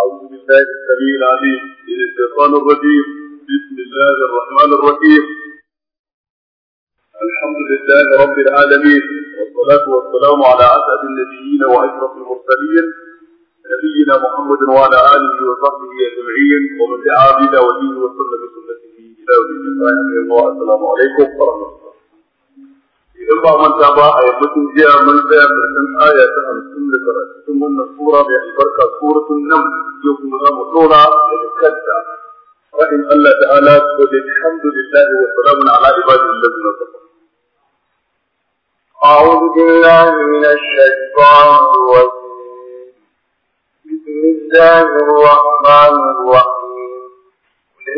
أعوذ بالله السميع العليم من الشيطان الرجيم بسم الله الرحمن الرحيم الحمد لله رب العالمين والصلاة والسلام على أسعد النبيين وأشرف المرسلين نبينا محمد وعلى آله وصحبه أجمعين ومن دعا بدعوته وسلم بسنته إلى يوم السلام عليكم ورحمة الله idan ba manta ba a yammacin jiya mun tsaya karshen aya ta hamsin da tara cikin wannan sura mai albarka suratun nan yau kuma za mu dora daga kanta fa'in Allah ta'ala ko da alhamdulillahi wa salamun ala ibadihi alladhina safaru أعوذ بالله من الشيطان الرجيم بسم الله الرحمن الرحيم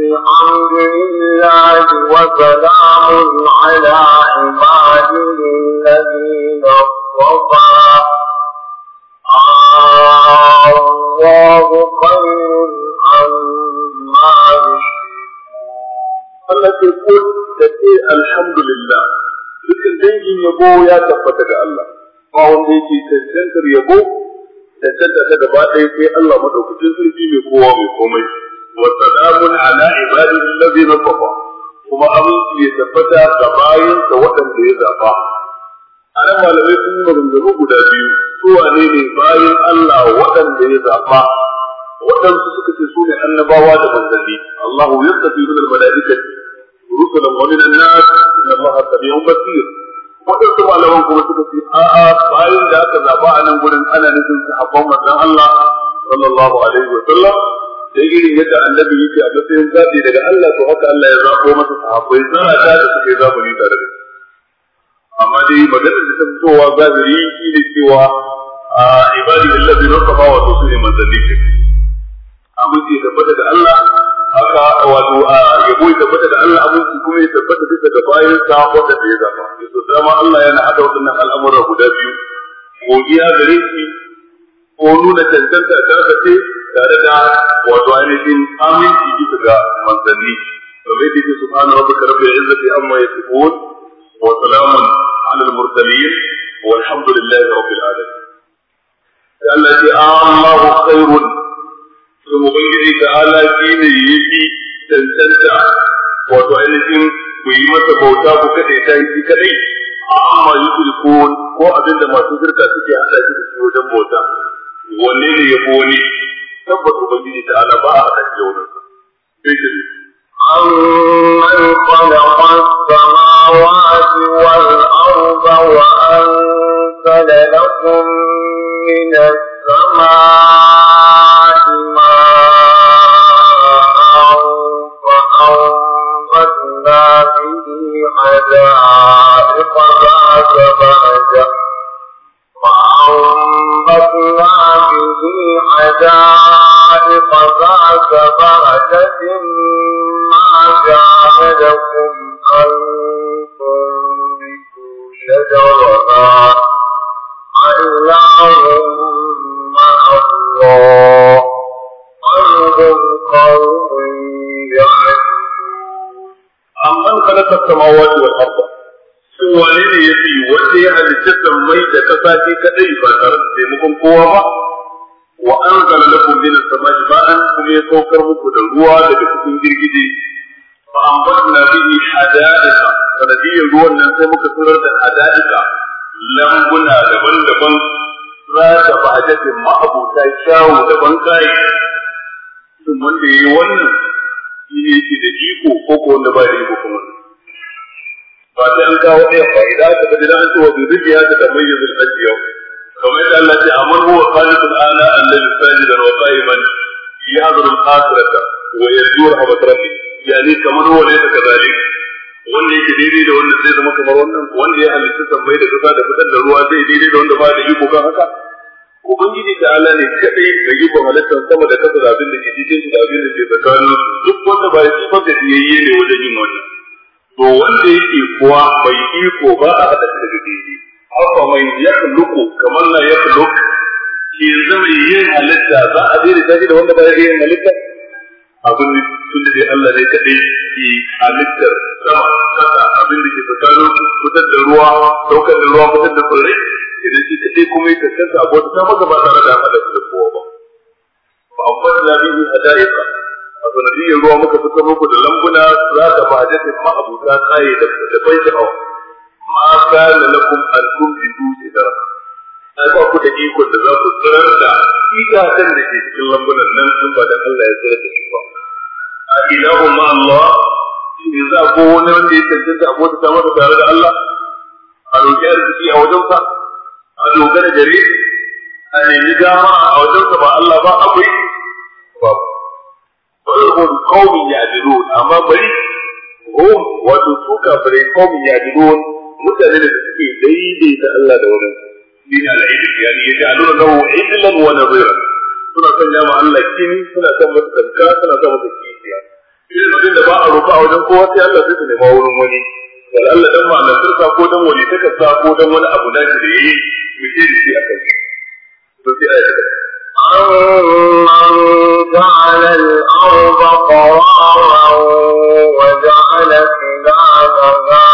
الحمد لله وسلام على عباده الذين اصطفى الله خير عما يشركون التي قلت الحمد لله dukkan dangin yabo ya tabbata ga Allah ba wanda yake cancantar yabo da cancanta gaba ɗaya sai Allah madaukakin sarki mai kowa mai komai وسلام على عباده الذين اصطفى kuma aminci ya tabbata ga bayansa waɗanda ya zaɓa. A nan malamai sun yi maganganu guda biyu, su wane ne bayan Allah waɗanda ya zaɓa, waɗansu suka ce su ne annabawa da manzanni, Allahu ya tafi min al-mala'ikati rusulan wa na an-nas inna Allaha sami'un basir. Waɗansu malaman kuma suka ce a'a bayan da aka zaɓa a nan gurin ana nufin sahabban manzon Allah sallallahu alaihi wa sallam sai irin yadda annabi yake a matsayin zaɓi daga Allah to haka Allah ya zaɓo masa sahabbai zana ta da suke zaburi tare da amma dai maganar da ta fitowa zabiri shi ne cewa a ibadi allazi nasafa wa su ne manzanni ke ya tabbata da Allah haka wato a yabo ya tabbata da Allah amince kuma ya tabbata duka da bayan sa wanda ya zaba to dama Allah yana hada waɗannan al'amura guda biyu godiya gare shi ko nuna cancanta ta ce tare da wato ainihin aminci bisa ga manzanni kamar yadda yake subhanahu wa ta'ala rabbil izzati amma yasifun wa salamun ala al-mursalin walhamdulillahi rabbil alamin Allah ce Allahu khairun to ubangiji ta ala yi yafi tantanta wato ainihin ku yi masa bauta ku kada ta yi kaɗai amma yi kulkun ko abinda masu zirka suke hada shi da su wajen bauta wanne ne ya wani tabbas ubangiji ta ala ba a haɗa da wani sai ke أمن خلق السماوات والأرض وأنزل لكم من السماء ماء فأنبتنا به حدائق ذات بهجة وأنبتنا به حدائق بعث بعثة ما جعلكم أنتم بكم شجرها علاهم مع الله أرض قوم يعلمون أمن خلق السماوات والأرض سوى ne ya fi wanda ya halitta mai da kasa ce wa anzala lakum min as-sama'i ma'an kuma ya saukar muku da ruwa da cikin girgije fa ambatna bihi hada'ika sanadiyyar ruwan nan sai muka turar da hada'ika lambuna daban-daban za ta ba'adatin ma'abuta kyawu daban kai sun wanda ya yi wannan shi ne yake da iko ko ko wanda ba da iko kuma ba ta an kawo ɗaya fa'ida ta ga gidan an ce wa zuriya ta tamayyazu al-ajiyau kamar yadda Allah ce amman huwa qanitun ana annabi sajidan wa qa'iman yahdhuru al-akhirata wa yarju rahmat rabbih yani kamar huwa laysa kadhalik wanda yake daidai da wanda zai zama kamar wannan wanda ya halitta tambayi da kasa da fitar da ruwa zai daidai da wanda ba da iko kan haka ubangiji ta ala ne kadai da iko halittar sama da kasa da abin da ke cikin su da abin da ke tsakanin duk wanda ba shi ba da yayye ne wajen yin wannan to wanda yake kuwa bai iko ba a hada daga daidai afa mai yakhluqu kaman la yakhluq shi zama yin halitta za a dire ta da wanda ba ya yin halitta abin da tun da Allah ne kadai ke halittar sama kasa abin da ke tsakanin fitar da ruwa daukar da ruwa fitar da tsirrai idan shi kadai kuma ya tantance abu wata ta maza ba tare da hada da kowa ba Ba amma da bihi ne a a sanadiyyar ruwa muka fitar muku da lambuna za ka ba hajjatin ma'abuta tsaye da bai da hawa ma kana lakum an tubidu shajara ai ba ku da ikon da za ku tsirar da itacen da ke cikin lambunan nan sun ba da Allah ya tsirar da shi ba a ilahu ma Allah shi ne za ko wani wanda ya cancanta a bauta masa tare da Allah a roƙi arziki a wajen sa? a dogara gare a nemi dama a wajen sa ba Allah ba akwai babu bari hum qaumin ya'dilun amma bari hum wato su kafirai qaumin ya'dilun mutane da suke daidaita Allah da wani shi ne ya ni ya ja'alu lahu idlan wa nazira suna sanya ma Allah kini suna san masa tanka suna san masa kishiya irin abin da ba a roƙa wajen kowa sai Allah zai nema wurin wani wal Allah dan ma na sirka ko dan wani take sa ko dan wani abu da shi da yayi mutum da shi akan to sai ayi أمن جعل الأرض قرارا وجعل خلالها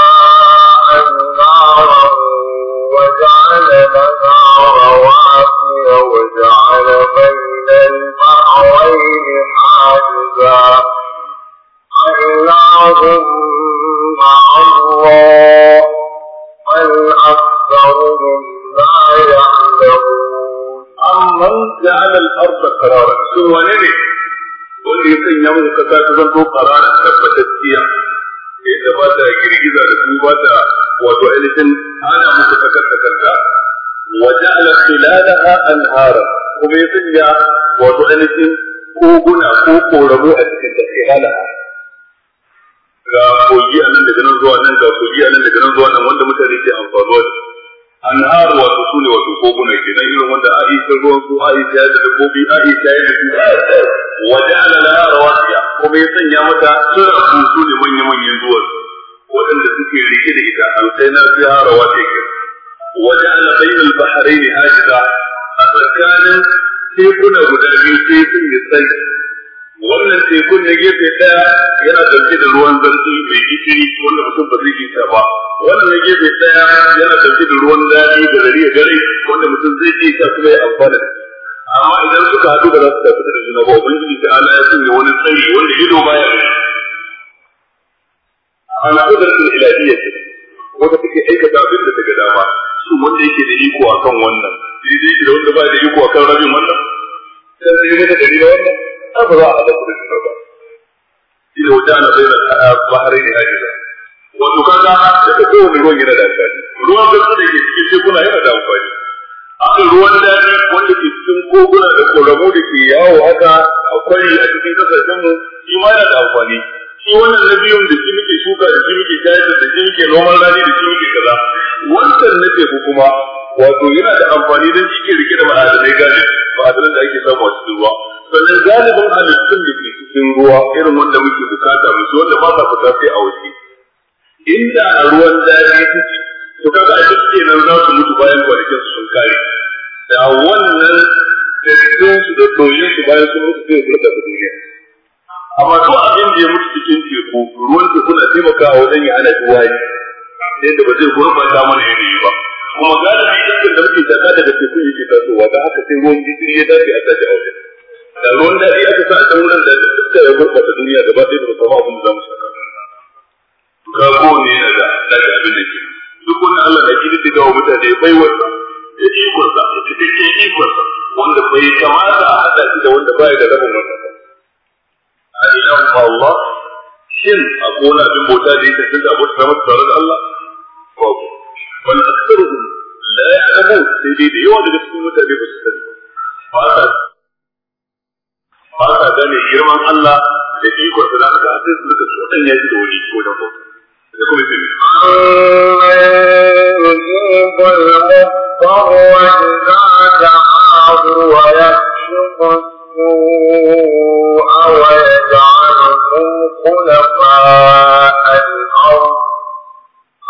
wato ainihin ana musu وجعل خلالها أنهارا kuma ya sanya wato ainihin koguna ko koramu a cikin da khilalaha ga kogi a nan daga nan zuwa nan ga kogi a nan daga nan zuwa nan wanda mutane ke amfanuwa da anhar wato su ne wato koguna ke nan irin wanda a isa ruwan su a isa da dabbobi a isa da su waje alala rawasiya kuma ya sanya mata tsirafu su ne manya-manyan duwatsu waɗanda suke rike da ita alkainar fiya rawasiya kenan وجعل بين البحرين هاجرا فكان tekuna guda biyu sai sun yi sai wannan tekun na gefe ɗaya yana dauke da ruwan zarfi mai gishiri wanda mutum ba zai isa ba wannan na gefe ɗaya yana dauke da ruwan daɗi da gari da gare wanda mutum zai isa kuma ya amfana amma idan suka haɗu ba za su tafi da juna ba ubangiji ta ala ya sanya wani tsari wanda ido baya ana kudartul ilahiyyah wanda take aikata abin da daga dama su wanda yake da iko akan wannan shi da yake da wanda ba da iko akan rabin wannan da yake da dari da wannan a ba za a haɗa kudin ba shi da wajen ana bayyana bahari ne da wato kaga daga mai ruwan yana da tsari ruwan gasu da ke cikin tekuna yana da amfani akan ruwan daji wanda ke cikin koguna da koramu da ke yawo haka akwai a cikin mu shi ma yana da amfani shi wannan na biyun da shi muke shuka da shi muke shayar da shi muke noman rani da shi muke kaza wannan na teku kuma wato yana da amfani don shi ke rike da ma'adanai gane ma'adanan da ake samu a cikin ruwa sannan galibin halittun da ke cikin ruwa irin wanda muke bukata mu wanda ba sa fita sai a waje inda a ruwan daji suke to kaga a duk kenan za su mutu bayan kwanakin su sun kare da wannan da su da doyin su bayan sun mutu sai su rika duniya amma duk abin da ya mutu cikin teku ruwan da suna taimakawa wajen ya da ruwaye yadda ba zai gurbata mana yanayi ba kuma galibi iskan da muke shaka daga tekun yake tasowa da haka sai ruwan jikin ya dace a sace aure da ruwan daɗi aka sa a can wurin da iska ya gurbata duniya gaba ɗaya da ba samu abin da za mu shaka ga kowane yana da daga abin da ke duk wani Allah na gidi daga wa mutane baiwarsa da ikonsa da cikakken ikonsa wanda bai kamata a haɗa shi da wanda baya da rabin wannan a ilan ba Allah shin a kona abin bauta da ya tafi da abota masa tare da Allah babu wani aksaruhum la ya'lamun sai dai da yawa daga cikin mutane ba su sani ba ba ba sa gane girman Allah da ikon sa na ga sai su rika tsodan yaji da wani ko da bauta da kuma yi المضطر وإذا دعاه ويكشف السوء ويكشف خلفاء الأرض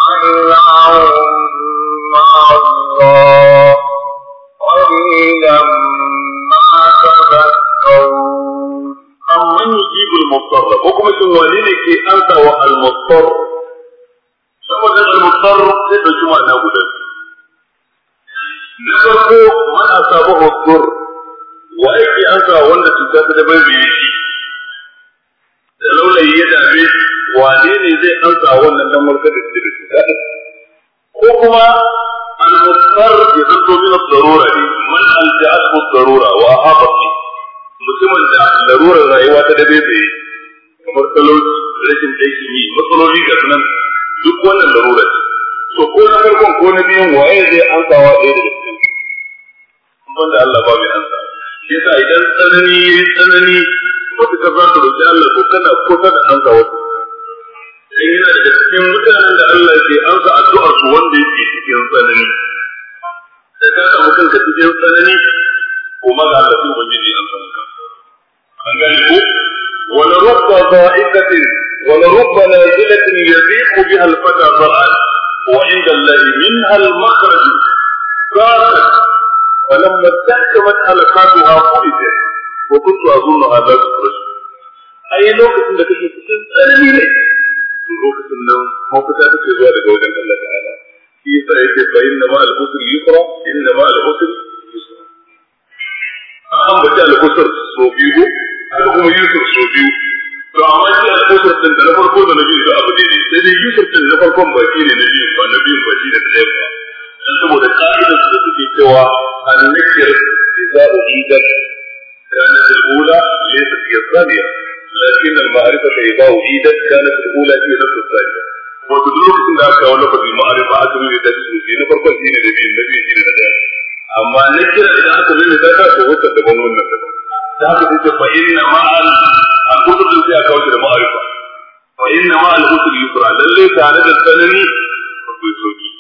خلعهم مع الله قليلا ما تذكرون أمن والدك أنت والمضطر saboda al-mutar sai da juma'a na guda na farko man asabahu dur wa yake an wanda cuta ta da bai yi da laulayi ya dame wane ne zai ɗauka wannan dan warkar da shi da cuta ko kuma al-mutar ya zanto min darura ne man alja'atu darura wa ahaba mutumin da larurar rayuwa ta dabe bai kamar talauci rashin aikin yi matsaloli ga nan duk wannan larura ce to ko na farkon ko na biyun waye zai ansawa ɗaya daga cikin wanda Allah ba mai ansa yasa idan tsanani yayi tsanani matukar za ka roƙi Allah ko kana kusa da an wasu dan yana daga cikin mutanen da Allah ke ansa addu'a su wanda yake cikin tsanani da ka samu kanka cikin tsanani ko ma ga Allah ubangiji an samu ka an gane ko wala rubba dha'iqatin wala rubba nazilatin yadhiqu biha al-fata zar'an wa 'inda Allah minha al-makhraj فلما استحكمت حلقاتها فرجت وكنت أظن هذا الرجل أي لوكة لك في السن أرمي لك لوكة النوم موقفة في ذلك وجن الله تعالى في سعيد فإنما الغسل يقرأ إنما الغسل يسرى أهم بشأ الغسل صوبيه أهم يسر صوبيه فأعمالك الغسل تنتنفر كل نبي في أبديه لذي يسر تنتنفر كم بكين نبي فالنبي بكين تنفر أنتم ودقائنا ستتكي سوا أن نكر إذا أجيدك كانت الأولى ليست هي الثانية لكن المعرفة إذا أعيدت كانت الأولى هي نفس الثانية وتدرك إن أكا ولفظ المعرفة أتم إذا تسلسي نفرقا حين نبي النبي حين نجاة أما نكر إذا أنت لم تكا فهو تدبن من تدبن ذاك تجد فإن مع الكتب التي أكا وجد معرفة فإن مع الكتب يسرع للي تعالى الثاني فكل سوكي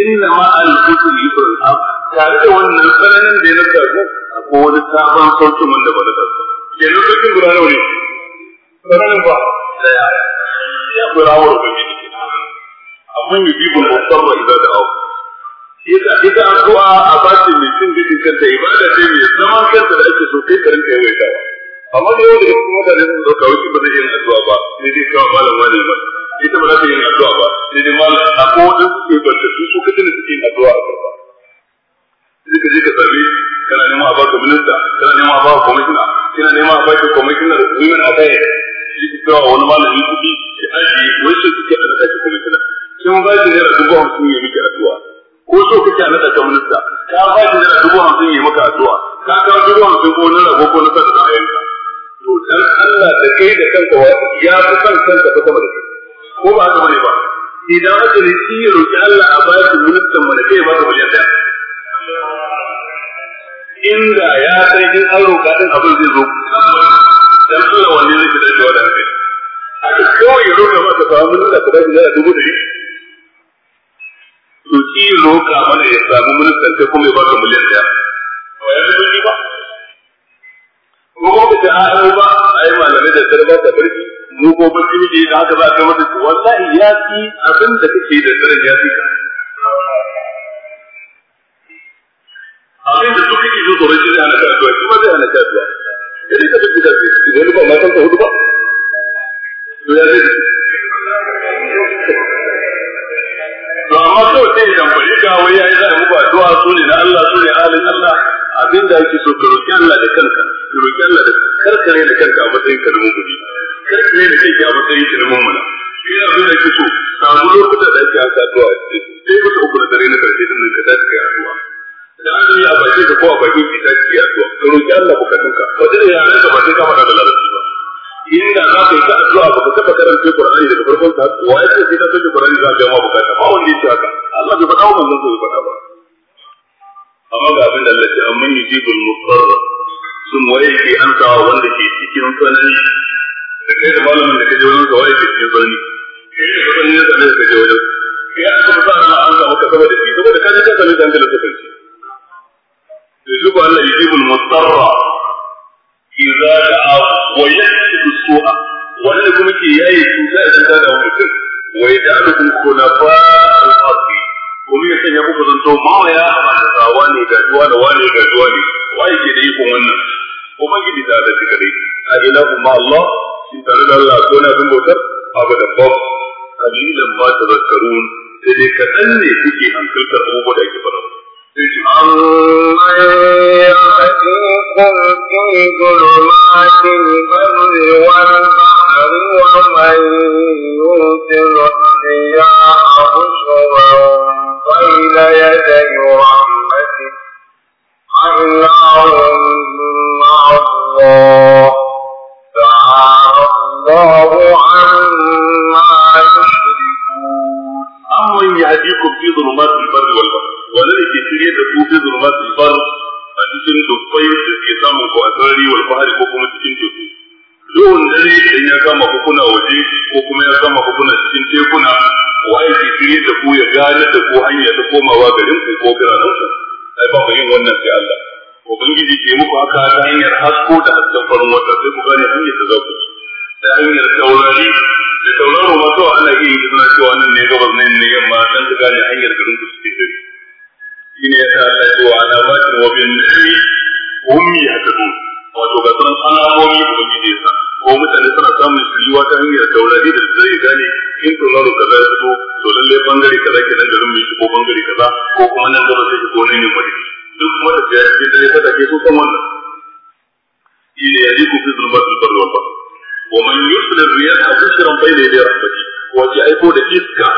إن مع الكتب يسرع tare da wannan tsananin da ya na ko wani sabon saukin wanda ba na karfa yanzu saukin guda nawa ne tsananin ba ya akwai rawar ubangiji ke akwai mai bibin babban ba idan da auku yasa ita addu'a a bace mai cin gashin kanta ibada ce mai zaman kanta da ake so kai karin kai waita amma da yau da kuma mutane sun dauka wani ba zai yin addu'a ba sai dai kawo malam wani ba ita ba za ta yin addu'a ba sai dai malam a kowane suke barkatu su kaɗai da suke yin addu'a a karba sai ka je ka same kana neman a baka minista kana neman a baka kwamishina kana neman a baka kwamishina da a kai shi ku cewa wani malami kuɗi ki ajiye wai shi kuke a naɗa ki kwamishina kin ba shi naira dubu hamsin ne muke addu'a ko so kake a naɗa ka minista ka ba shi naira dubu hamsin ya maka addu'a ka kawo dubu hamsin ko na rago ko na sa da za a yanka to dan Allah da kai da kanka wa ya fi san kanka ta kuma da kai ko ba haka bane ba idan aka ne shi ya roki Allah a ba shi ministan mana kai ba ka bayyana inda ya san in an roƙa ɗin abin zai zo dan Allah wanne zai fitar da wani a haka kawai ya roƙa masa samu da ka dace da dubu dari to ki roƙa mana ya samu ministan kai kuma ya baka miliyan ɗaya ya fi ba ko kuma ba malamai da sarba barki mu ko da haka za ka mata wallahi ya fi abin da kake da daren ya fi ka abin da duk kake jin tsoro shi zai hana ka addu'a shi ma zai hana ka addu'a ka tafi da shi idan ba matan ka hudu ba to ya zai to amma kawai sai idan bari ka wai yayi za a muku addu'a su ne na Allah su ne halin Allah abin da ake so ka roki Allah da kanka ka roki Allah da karkare da kanka a matsayin ka na mugudi karkare da kanka a matsayin ka na mummuna shi ne abin da ake so samu lokuta da ake haka addu'a sai mutu uku na dare na karshe din ka tashi kai da azumi a bakin ka ko a bakin ki ta ci addu'a ka roki Allah bukatun ka ba da yaran ka ba sai ka faɗa da larabci ba inda za ka yi ta addu'a ba ka taɓa karanta Qur'ani daga farkon ta wa ya ce sai ka soke Qur'ani za ka ma bukata ba wanda ya haka Allah bai faɗa wa manzon faɗa ba amma ga abin da Allah ce amman yujibul mustarra sun waye ke an wanda ke cikin tsanani da kai da malamin da kaje wajen waye ke cikin tsanani kai da kaje wajen ya aka sa ran an samu ka saboda shi saboda ka da يجب أن يجيب المضطر إذا دعاه ويكتب السوء وأن كم كي يأي سوء إذا دعاه ويجعلكم خلفاء الأرض kuma ya sanya muku zanto mawaya a matasa wane ga juwa da wane ga juwa ne waye ke da ikon wannan ubangiji da da cika dai a ilahu ma Allah in tare da Allah ko bautar abu da ba kalilan kaɗan ne kuke ake أمن يأتيكم في ظلمات البر والبحر ومن يرسل الرياح بشرا بين يدي رحمته الله الله تعالى الله عما يشركون أمن يهديكم في ظلمات البر والبحر wanda da ke shirye da ku fi zulmat bar a cikin dubbai da ke samun ko a sarari wal bahari ko kuma cikin teku duhun dare idan ya kama ku waje ko kuma ya kama ku kuna cikin tekuna waye ke shirye da ku ya gane da ku hanya ta komawa garin ku ko biranen ku ai ba ku yin wannan sai Allah ubangiji ke muku haka ta hanyar hasko da hasken farin wata sai ku gane hanyar da za ku ci da hanyar taurari da tauraro masu kawai ana iya yi suna cewa nan ne gabas nan ne yamma dan ka gane hanyar garin ku suke gari shine yasa Allah ya ce wa alamatin wa bin nahri hum yahtadun wato ga sunan alamomi ubangiji sa ko mutane suna samun shiriwa ta hanyar taurari da zai gane in tauraro kaza ya fito to lalle bangare kaza ke kenan garin mai ko bangare kaza ko kuma nan gaba sai ko nan ne madadi duk kuma da ya ce dare kada ke so kan wannan ila yajiku fi zulmatil barri wal bahr wa man yuslir riyaha bushran bayna yaday rahmatih wace aiko da iska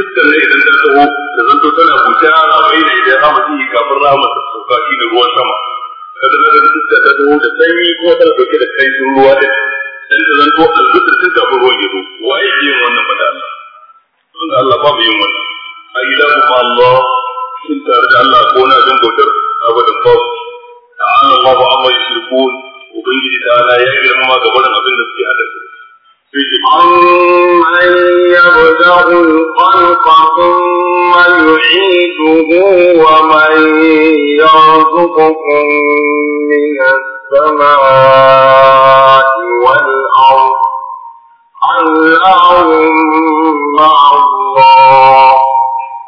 iskar ne idan ta taho da zanto tana bujara mai ne da ya mutum yi kafin rama ta sauka shi da ruwan sama kada na ganin iska ta taho da sanyi kuma tana dauke da kai sun ruwa da dan ta zanto albutar tun kafin ruwan ya zo waye ke yin wannan bada Allah da Allah babu yin wannan a ilahu ma Allah sun tare da Allah ko na jin bautar abadan babu ta'ala Allahu amma yushrikun ubangiji ta'ala ya girma gaban abin da suke hadasa أمن يبدأ الخلق ثم يعيده ومن يرزقكم من السماء والأرض الله مع الله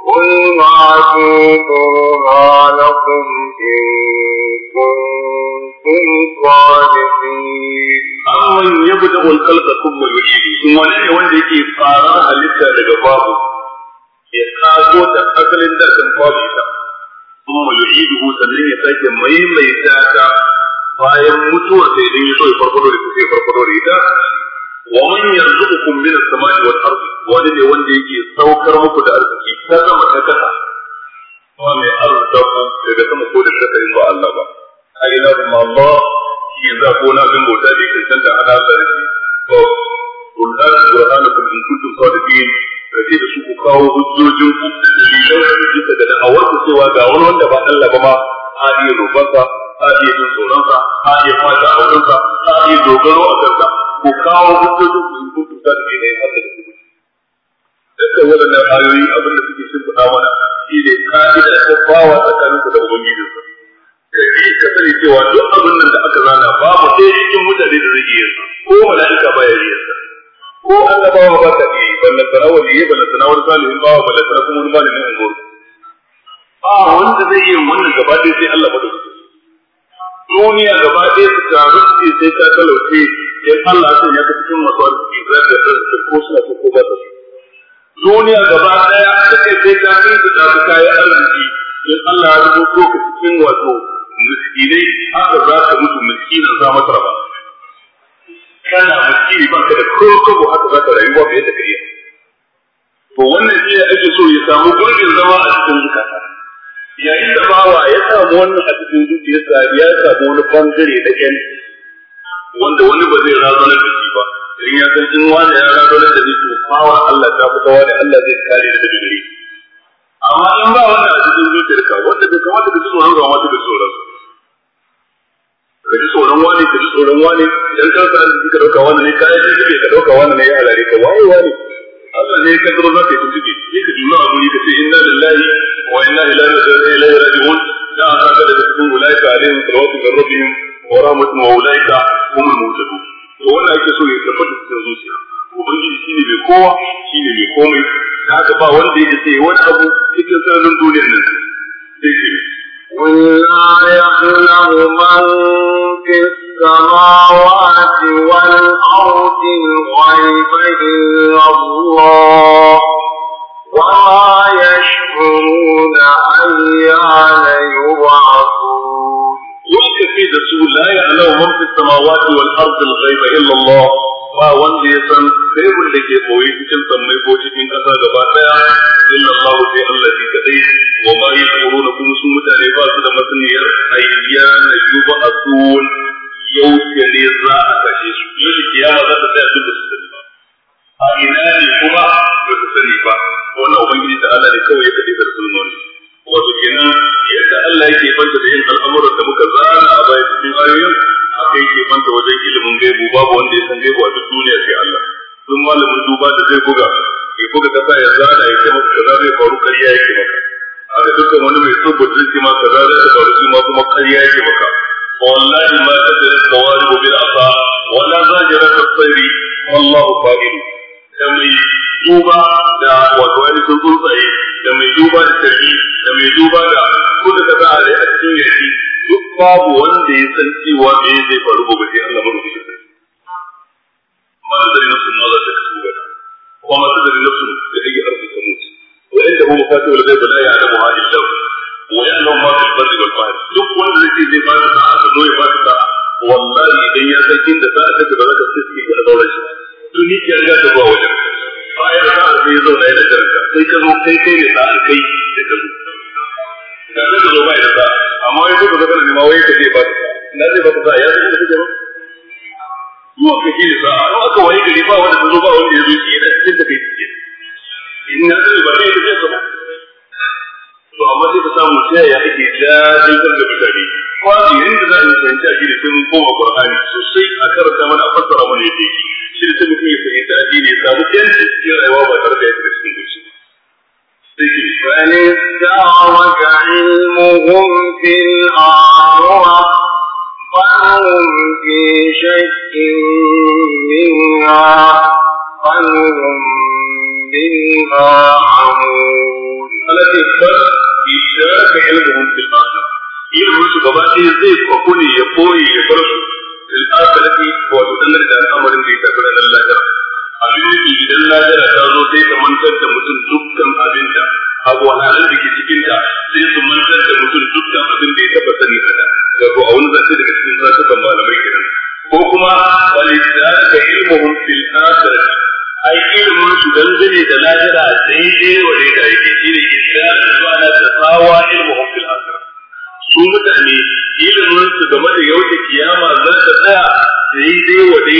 قل هاتوا برهانكم إن كنتم صادقين أمن يبدأ الخلق ثم يعيده ثم لا wanda yake fara halitta daga babu ya kago da asalin dakin babu ita kuma yu'iduhu sannan ya sake maimaita ta bayan mutuwar sai idan ya so ya da wa man yarzuqukum min as-sama'i wal ardi wani wanda yake saukar muku da arziki ta zama ta kasa wa mai arzaku daga sama ko da kasa in ba Allah ba a ila kuma Allah shi za ko na bin bauta da yake canta ana sarki to kun da burhanakum in kuntum sadiqin kace da su ku kawo hujjojin ku da dalilan da kuka da da'awar ku cewa ga wani wanda ba Allah ba ma a iya roƙonsa a iya tsoronsa a iya fata a wurinsa a iya dogaro a kansa ku kawo hujjojin ku in kuntum da ke ne haka da kuma dukkan waɗannan ayoyi abin da suke shimfiɗa mana shi ne ka'ida ta bawa tsakanin ku da ubangijin sa da ke ka sani cewa duk abin nan da aka rana, babu sai cikin mutane da zai iya ko mala'ika baya iya sa ko annabawa ba ta iya ballantana waliyi ballantana wani salihin bawa ballantana kuma wani malamin unguwar ba wanda zai iya wannan gaba ɗaya sai Allah ba da duniya gaba ɗaya su taru sai ta talauce in Allah ya sanya ka cikin masu arziki za ka yarda da ko suna ko ko ba ta su duniya gaba daya take sai ta tuntu da ka kai arziki in Allah ya ko ka cikin wato miskinai haka za ka mutu miskinan za mata raba kana miskini ba ka da ko kobo haka za ka rayuwa bai da kariya to wannan shi ake so ya samu gurbin zama a cikin zukata yayin da bawa ya samu wannan a cikin zuciyarsa ya samu wani bangare da yanci wanda wani ba zai razanar da shi ba irin ya san in wani ya razanar da shi to kawar Allah ta fita da Allah zai kare da daga gare amma in ba wannan a cikin zuciyarka wanda bai kamata ka ji tsoron ga mata da tsoron ka ji tsoron wani ka ji tsoron wani idan ka san da ka dauka wani ne kayan jirgi ka dauka wani ne ya halare ka waye wani Allah ne ya kaddaro zaka yi yi tuntuɓe sai ka juna a guri ka ce inna lillahi wa inna ilaihi raji'un da aka kada da cikin ulaika alaihim salawatu min rabbihim ورحمة وأولئك هم المهتدون to wannan ake so ya tabbata cikin zuciya ubangiji shine mai kowa shine mai komai da haka ba wanda yake sai wani abu cikin sararin duniyar nan sai ke قل لا يخلق من في السماوات والأرض الغيب إلا الله وما يشعرون أيان يبعثون وشكيد سول لا يعلم من في السماوات والأرض الغيب إلا الله فأوان ديسا كيف اللي كي قوي كم تمي بوشي من أسا جباتا ان الله في الذي كذي وما يقولون كم سوم تعريفات لما تنير أيان يبعثون يوسي نيزا أكاشيش يوسي كياما ذات تأخذ بسسنفا أعنان الكما بسسنفا ونوبي من تعالى لكوية كذي في الظلمون wato kenan yadda Allah yake banta da yin al'amuran da muka zana a baya cikin ayoyin haka yake banta wajen ilimin gaibu babu wanda ya san gaibu a duk duniya sai Allah duk malamin duba da zai buga ya buga kasa ya zana ya ce maka kaza zai faru ƙarya yake maka haka dukkan wani mai so gudu zai ma kaza zai faru shi ma kuma ƙarya yake maka wallahi ma ta da tsawari bil asa wala zajira tasiri wallahu qadir da mai duba da wato ainihin tsuntsaye da mai duba da tarbi da mai duba da kudu da za a rai a cikin yanki duk babu wanda ya san cewa me zai faru gobe sai Allah ba rubuce sai masu da nafsu ma za ta kasu gada kuma masu da nafsu da take arziki ta mutu wa inda hu mafatu wal ghaibi la ya'lamu ha illa hu wa ya'lamu ma fil barri wal bahr duk wanda yake zai ba ta sa'a zo ya ba ta sa'a wallahi idan ya san inda sa'a take ba za ta fiske ga zauren shi sunni ya riga ta zuwa wajen bayan da sa'a sai ya zauna yana karanta sai ka zo kai kai ne sa'ar kai da ka zo da ka zo bai da sa'a amma wai da kana nema wai ka je ba ta na zai ba ta ya zai ka je ba zuwa ka ke da sa'a amma aka waye gari ba wanda ta zo ba wanda ya zo shi yana cikin da kai cikin in na zai ba kai da ke sama to amma sai ka samu ta yaya ake jajin da mutane kwazi yadda za a yi da sai koma sosai a karanta mana a fassara mana yadda yake shi da sai mutum ya fahimta addini ya samu kyanci cikin rayuwa ba tare da ya fita cikin zuci. فليس دعوك علمهم في الآخرة فهم في شك منها بل هم منها عمون التي بشاك علمهم في الآخرة يلهم إيه، سبباتي إيه، زي فكوني يقوي يفرسوا في الآخرة wato dan da al'amarin da ya tafi da nan lahira abin da ke idan lahira ta zo sai ka mantar da mutum dukkan abin da abu wahalar da ke cikin ta sai su mantar da mutum dukkan abin da ya taba sani a da wato a wani zance daga cikin zantukan malamai kenan ko kuma walidaka ilmuhum fil akhirah ai ilmin su dangane da lahira daidai wa daidai shine you wa da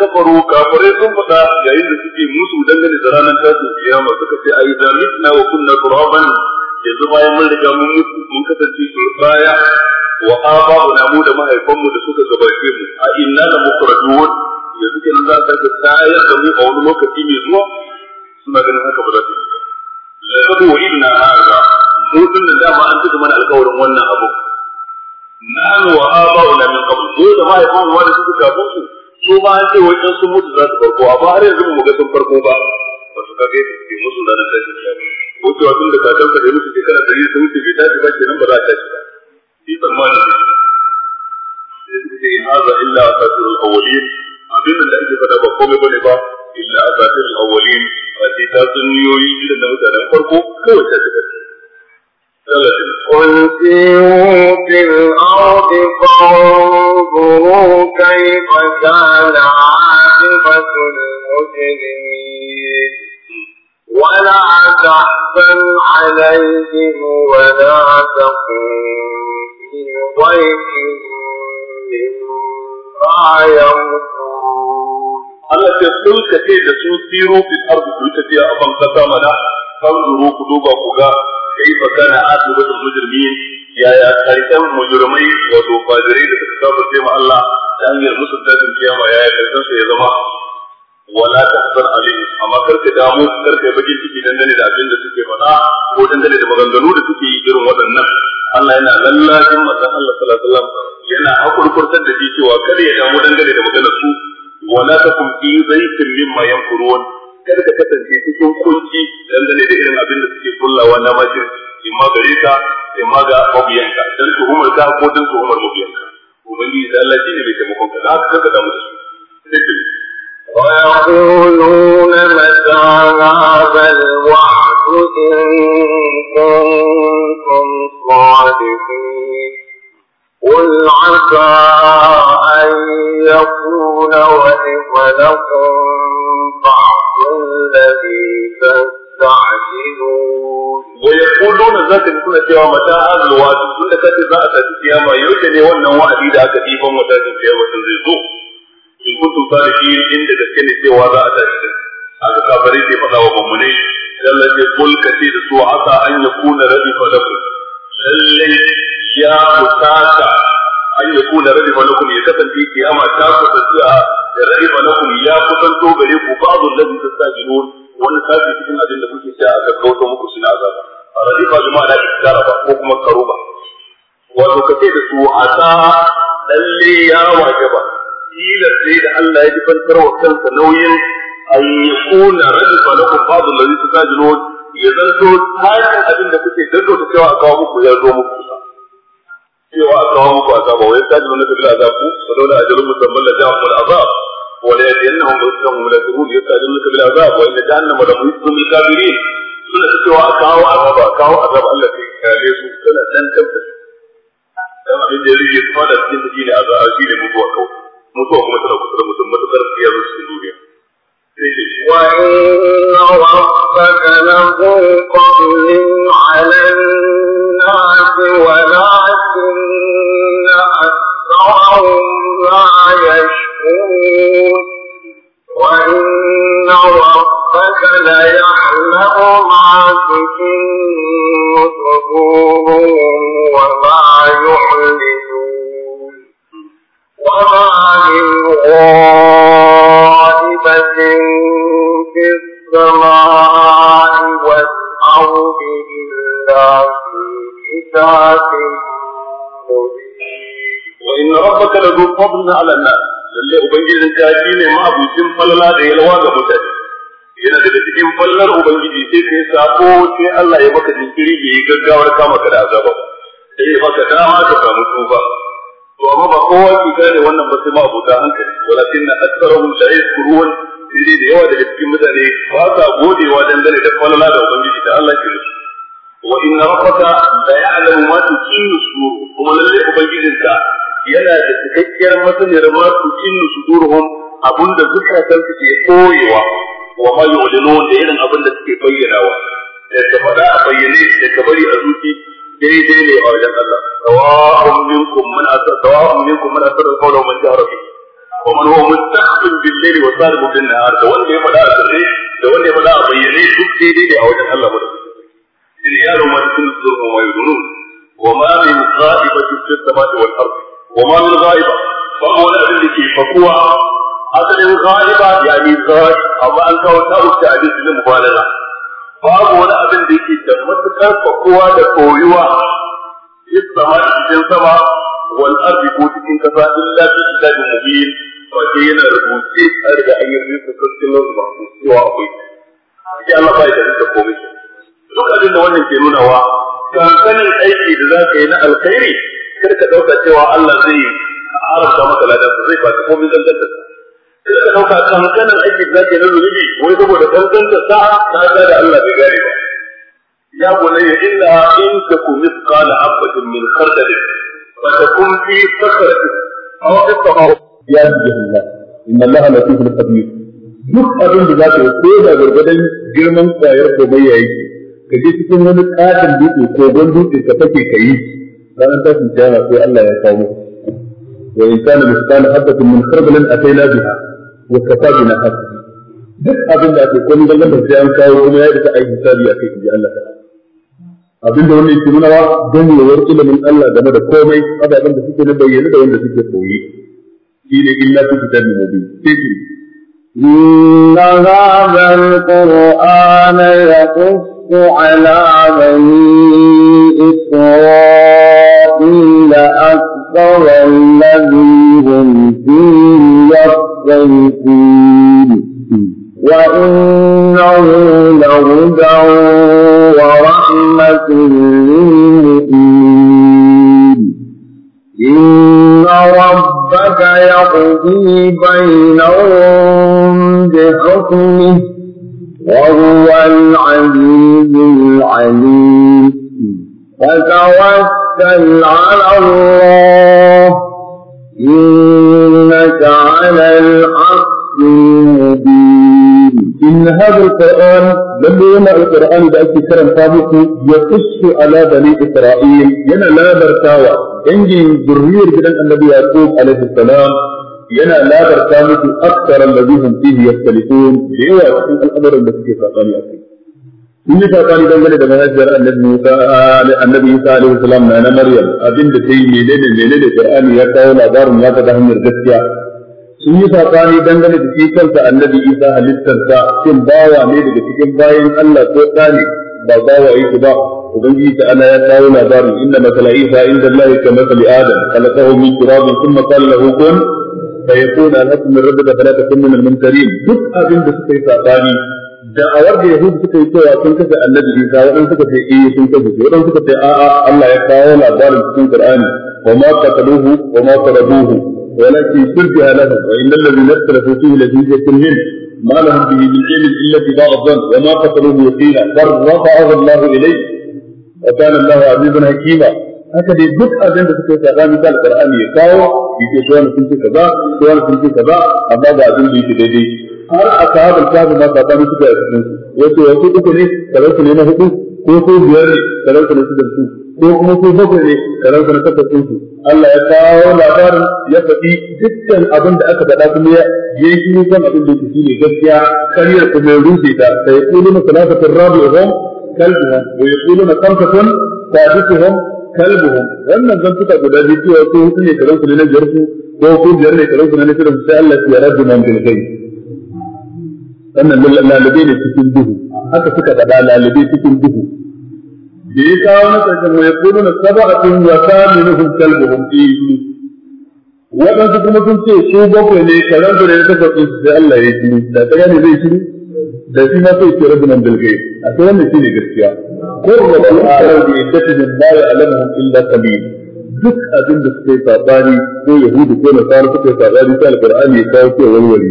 kafaru kafirai sun faɗa yayin da suke musu dangane da ranar tashin kiyama suka ce ai da mitna wa kunna turaban yanzu bayan mun riga mun mutu mun kasance turbaya wa aba'una mu da mahaifanmu da suka gabace mu a inna la mukradun yanzu kenan za ta tayar da mu a wani lokaci mai zuwa suna ganin haka ba za ta yi ba laqad wa'idna hadha mu din da dama an tuka mana alƙawarin wannan abu nanu wa aba'una min qabl mu da mahaifanmu wanda suka gabace su su ma an ce wajen sun mutu za su farko a har yanzu mu ga sun farko ba ba su kaga su ke musu ranar tashin kiyama ce tun da ta ka da mutu shekara ɗari ta wuce bai tashi ba nan ba za a tashi ba shi sai su suke in haza illa a tasirin a abin da ake fada ba komai bane ba illa a da awwalin a ce ta sun niyoyi irin na mutanen farko kawai ta tafi قل سيروا في الأرض فانظروا كيف كان عاقبة المجرمين ولا تحزن عليهم ولا تكن في ضيق مما يمكرون Allah ce sun kace da su الأرض fi ardu ku tafiya a ban kasa mana kan zuru ku duba ku ga kaifa kana akhiru al-mujrimin ya ya karkan mujrimai wa to fajiri da suka kafa sai ma Allah ta hanyar musulta da kiyama ya ya karkan su ya zama wala tahzan alayhi amma karka damu karka bakin ciki dan da abin da suke fada ko dan dane da maganganu da suke yi irin waɗannan Allah yana lallashin mazan Allah sallallahu yana hakurkurtar da shi cewa kada ya damu dan dane da maganganu wala takum fi zaytin mimma yanfurun kada ka kasance cikin kunci dan dangane da irin abin da suke kullawa na mashin in ma gare ka in ma ga mabiyanka dan Umar ka ko dan su tuhumar mabiyanka ubangiji da Allah shi ne mai taimakon ka za ka kada mu da su ويقولون متى هذا الوعد إن كنتم صادقين قل عسى أن يكون ولد لكم wa yaquluna zaka ji suna cewa mata hazal wa'd tunda kace za a tafi kiyama yauke ne wannan wa'adi da aka diban mata cin cewa sun zai zo in kuntum salihin inda gaske ne cewa za a tafi aka kafare ke fada wa mummunai Allah ya kul kace da su asa an yakuna rabi lakum lallai ya mutaka an ya kula rabi malakum ya kasance kiyama ta kusanci a rabi malakum ya kusanto gare ku ba'd allazi tastajilun Wani sashi cikin abin da kuke sha a gaggauto muku shi na azaba rabi ba jama'a na ikkara ba ko kuma karo karuba wato kace da su asa lalle ya wajaba tilas sai da Allah ya jibantar wa kansa nauyin an yi kula rabi malakum ba'd allazi tastajilun ya zanto tashin abin da kuke gaggauta cewa a kawo muku ya zo muku cewa a kawo muku azaba wa sa jiru na kabila azabu wa dole a jiru musamman da jawa kuma azab wa da yadda yana hango suka mu da turu da yasta jiru na kabila azab wa yadda jahannan ma da mu sun bi kabiri suna ta cewa a kawo azaba a kawo azaba Allah ta kare su suna dan tabbata dan abin da ya rige su ma da cikin su shine azaba shine mutuwa kawai mutuwa kuma tana kusa da mutum matukar ya da cikin duniya وإن ربك له قبل على الناس ولكن أكثرهم لا يشكرون وإن ربك ليعلم ما تكن صدورهم وما يعلنون وما من غار من في السماء والأرض إلا في كتاب وإن ربك لذو فضل على الناس lalle ubangijin ka shi ne ma'abucin falala da yalwa ga mutane yana daga cikin fallar ubangiji sai kai sako sai Allah ya baka jinkiri bai yi gaggawar kama ka da sai ya baka dama ta samu tuba Kuma ba kowa ke gane wannan ba sai ma abota hankali walakin na aksarahum la yashkurun sai da yawa daga cikin mutane ba sa godewa dangane da falala da ubangiji da Allah ke musu wa inna rabbaka la ya'lamu ma tukinnu sudur kuma lalle ubangijinka yana da cikakkiyar masaniyar ma tukinnu sudurhum abinda zukatan suke koyewa wa ma yu'linun da irin abinda suke bayyanawa da ka faɗa a bayyane da ka bari a zuci daidai ne a wajen Allah sawa'un minkum man asar sawa'un minkum man asar al-qawla wa man jahara bihi wa man huwa mustaqbil bil-layli wa saribun bin-nahar da wanda ya faɗa a sirri da wanda ya faɗa a bayyane duk daidai ne a wajen Allah mutum in ya ruma cikin zurfu mai dunu wa ma min ghaibatin fis samai wal ard wa ma min ghaiba babu wani abin da ke fakuwa asalin ghaiba yani ghaib amma an kawo ta'ud da abin da mubalaga babu wani abin da yake da matukar kowa da koyuwa yin sama cikin sama wal ardi ko cikin kasa illa bi kitabin mubin fa sai yana rubuce a riga an yi rubuce cikin lauyi masu cewa akwai sai Allah bai da da komai duk abin da wannan ke wa? kankanin aiki da za ka yi na alkhairi kar ka dauka cewa Allah zai haramta maka ladan zai ba ta komai zan da idan ka dauka kankanan aikin da ke nan zunubi wai saboda kankanta sa'a na ga da Allah bai gane ba ya bunayya illa in takum mithqala habatin min khardalin فتكون في صخرة أو في السماء يا الله إن الله لطيف خبير duk abin da za ka yi ko da gargadon girman kwayar komai ya yi ka je cikin wani katin dutse ko gon dutse ka fake ka yi ranar tashin kiyama sai Allah ya kawo wa in kana misqala habatin min khardalin ataina biha وكفى بنا حسبا duk abin da ake komai dangane da sai an kawo kuma ya isa ai misali a kai inji Allah ta abin da wannan yake nuna wa ganewar ilimin Allah game da komai ababen da suke na bayyana da wanda suke koyi shi ne illa su fitar da mubin sai ki إن هذا القرآن يقص على بني إسرائيل أكثر الذي الشيطين وإنه لهدى ورحمة للمؤمنين إن ربك يقضي بينهم بحكمه وهو العزيز العليم فتوكل على الله إن على الحق المبين إن هذا القرآن لما القرآن بأي كرم فابقه يقص على بني إسرائيل ينا لا برتاوة إنجي ذرير جدا النبي يقول عليه السلام ينا لا برتاوة أكثر الذين فيه يختلفون لأيوة الأمر الذي يفعل أكثر sun yi sabani dangane da mahaifiyar annabi Musa annabi Isa alaihi salam na na Maryam abinda ta yi menene menene Qur'ani ya kawo labarin ya ta hanyar gaskiya sun yi sabani dangane da shi kansa annabi Isa halittarsa shin bawa ne daga cikin bayan Allah ko ɗa ne ba bawa yake ba ubangiji ta ana ya kawo labarin inna masala Isa inda Allah ka masali Adam khalaqahu min turabin thumma qala lahu kun fayakuna lakum min rabbika fala takun min al-mumtarin duk abinda suka yi sabani da'awar da yahudu suka yi cewa sun kafe annabi isa wadan suka ce eh sun kafe shi wadan suka ce a'a Allah ya kawo labarin cikin qur'ani wa ma qataluhu wa ma qarabuhu walakin shubbiha lahum wa innal ladhina ikhtalafu fihi lafi shakkin min ما لهم به من علم الا اتباع الظن وما قتلوه يقينا بل رفعه الله اليه وكان الله عزيزا Hakima. haka dai duk abin da suka yi tsakani da alƙur'ani ya kawo yake so sun ce kaza so sun ce kaza amma ga abin da yake daidai har ashabul kafi ma ba bani suka yi cikin wato wasu uku ne karan su ne na hudu ko su biyar ne karan su ne su su ko kuma su bakwai ne karan su na takwas din su Allah ya kawo labarin ya faɗi dukkan abin da aka faɗa kuma ya yi shi kan abin da shi ne gaskiya kariyar kuma rushe ta sai kullu salatu rabi'uhum kalbuhum wa yaquluna khamsatun sadisuhum kalbuhum wannan zantuka guda biyu cewa su hudu ne karan su ne na biyar su ko su biyar ne karan su ne na shirin sai Allah ya rabbi man bil wannan lalube ne cikin duhu haka suka faɗa lalube cikin duhu da ya kawo na ƙarshen wa yaqulu na sab'atun wa thaminuhum kalbuhum fi waɗansu kuma sun ce su bakwai ne karan da ya tabbata su da Allah ya shiri da kaga ne zai shiri da shi ma sai ce rabbuna bilgai a sai wannan shine gaskiya qurratu a'lam bi iddatihim la ya'lamuhum illa qalil duk abin da suka yi sabani ko yahudu ko nasara suka yi sabani sai alqur'ani ya kawo cewa walwali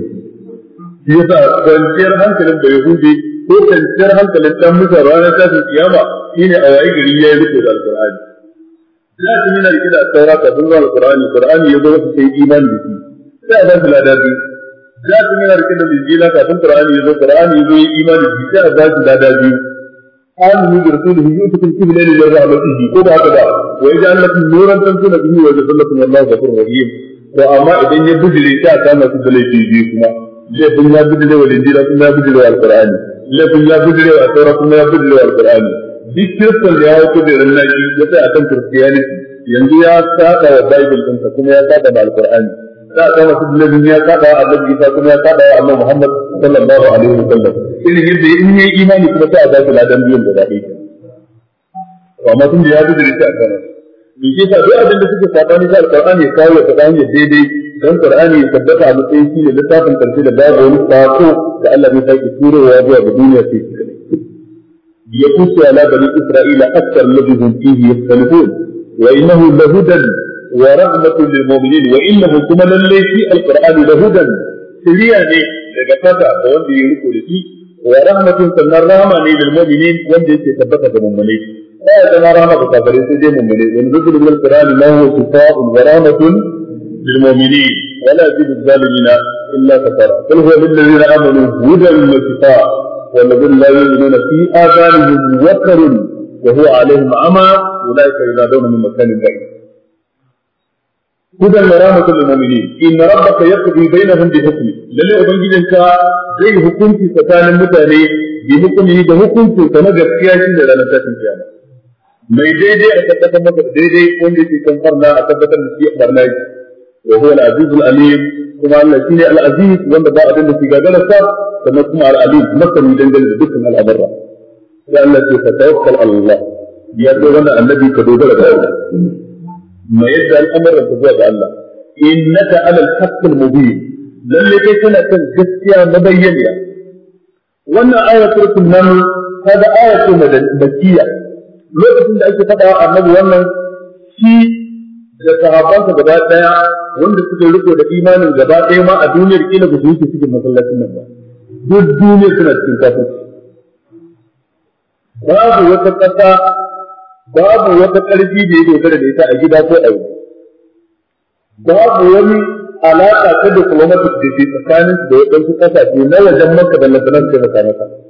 yasa kwanciyar hankalin da yahudi ko kwanciyar hankalin dan musa ranar tashin kiyama shine a waye gari ya yi riko da alqur'ani za su yi narki da saura kafin zuwa alqur'ani qur'ani ya zo su sai iman da shi sai a ba su ladabi za su yi narki da injila kafin qur'ani ya zo qur'ani ya zo yi iman da shi sai a ba su ladabi آمنوا برسوله يؤتكم كل ليل من رحمته كما هكذا ويجعل لكم نورا تمشون به ويجعل لكم والله غفور رحيم وأما إذن يبدل إيشاء كان في ذلك يجيكما laifin ya bijire wa linjira kuma ya bijire wa alqur'ani laifin ya bijire wa saura kuma ya bijire wa alqur'ani duk kirsan ya hau kujerar naki ya sai akan christianity yanzu ya saba wa bible ɗinsa kuma ya saba da alqur'ani ta ta wasu labin ya saba wa allah isa kuma ya saba wa allah muhammad sallallahu alaihi wa sallam irin yadda in yayi imani kuma sai a ba ladan biyun da zabe amma tun da ya bijire ta a kanan me ke sa duk abin da suke sabani da alqur'ani kawo ya faɗa ne daidai dan qur'ani ya tabbata a matsayin shi ne littafin karshe da babu wani sako da Allah ya saki turowa zuwa ga duniya sai shi kadai يقص على بني إسرائيل أكثر الذي هم فيه يختلفون وإنه لهدى ورحمة للمؤمنين وإنه كما للي في القرآن لهدى سريعني لقفتا فوندي يركو لسي ورحمة سنة الرحمة للمؤمنين وندي يتثبت بمؤمنين ba ya zama rahama ga kafirai sai dai mummune in zikr min alqur'ani ma huwa shifa'un wa rahmatun lil mu'minin wa la yazidu adh-dhalimina illa kafara qul huwa lil ladzina amanu hudan wa shifaa' wal ladzina la yu'minuna fi adhanihim wakarun wa huwa 'alayhim ama ulaika yunadawna min makanin ba'id هدى ورحمة للمؤمنين إن ربك يقضي بينهم بحكمه للي أبنجدك زي حكمتي ستانا متاني بحكمه ده حكمتي سنجد كياشي لنا نتاتي كياما mai daidai a tabbatar masa daidai wanda ke kan farna a tabbatar da shi a barna shi wa huwa al-aziz al-alim kuma Allah shine al-aziz wanda ba abin da ke gagara sa sannan kuma al-alim masani dangane da dukkan al'amura sai Allah ce fa tawakkal ala Allah ya ce wannan annabi ka dogara da Allah mai yadda al'amuran ka zuwa ga Allah innaka ala al-haqq al-mubin lalle kai kana kan gaskiya mabayyana wannan ayatul kunnan kada ayatul madaniyya lokacin da ake faɗa annabi wannan shi da sahabbansa gaba ɗaya wanda suka riko da imanin gaba ɗaya ma a duniyar kila ba su yi cikin masallacin nan ba duk duniyar suna cikin kafirci babu wata ƙasa babu wata ƙarfi da ya dogara da ita a gida ko a waje babu wani alaƙa ta diplomatic da ke tsakanin da waɗansu ƙasashe na wajen maka da lantanar taimaka maka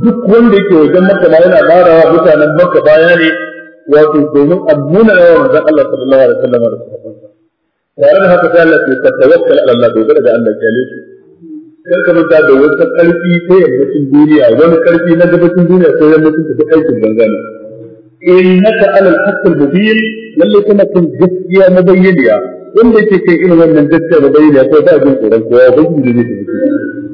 duk wanda yake wajen makka ba yana marawa mutanen maka baya ne wato domin a nuna yawan manzon Allah sallallahu alaihi wasallam da sahabbansa tare da haka sai Allah ya tawakkal ala Allah dogara da Allah kyale shi kar ka manta da wata karfi ta yammacin duniya wani karfi na gabacin duniya sai yammacin ta aikin banzana innaka ala al-haqq al-mubin lalle kana kan gaskiya na mabayyaniya wanda yake kai irin wannan gaskiya mabayyaniya ko ba jin tsoron kowa ba jin da zai tafi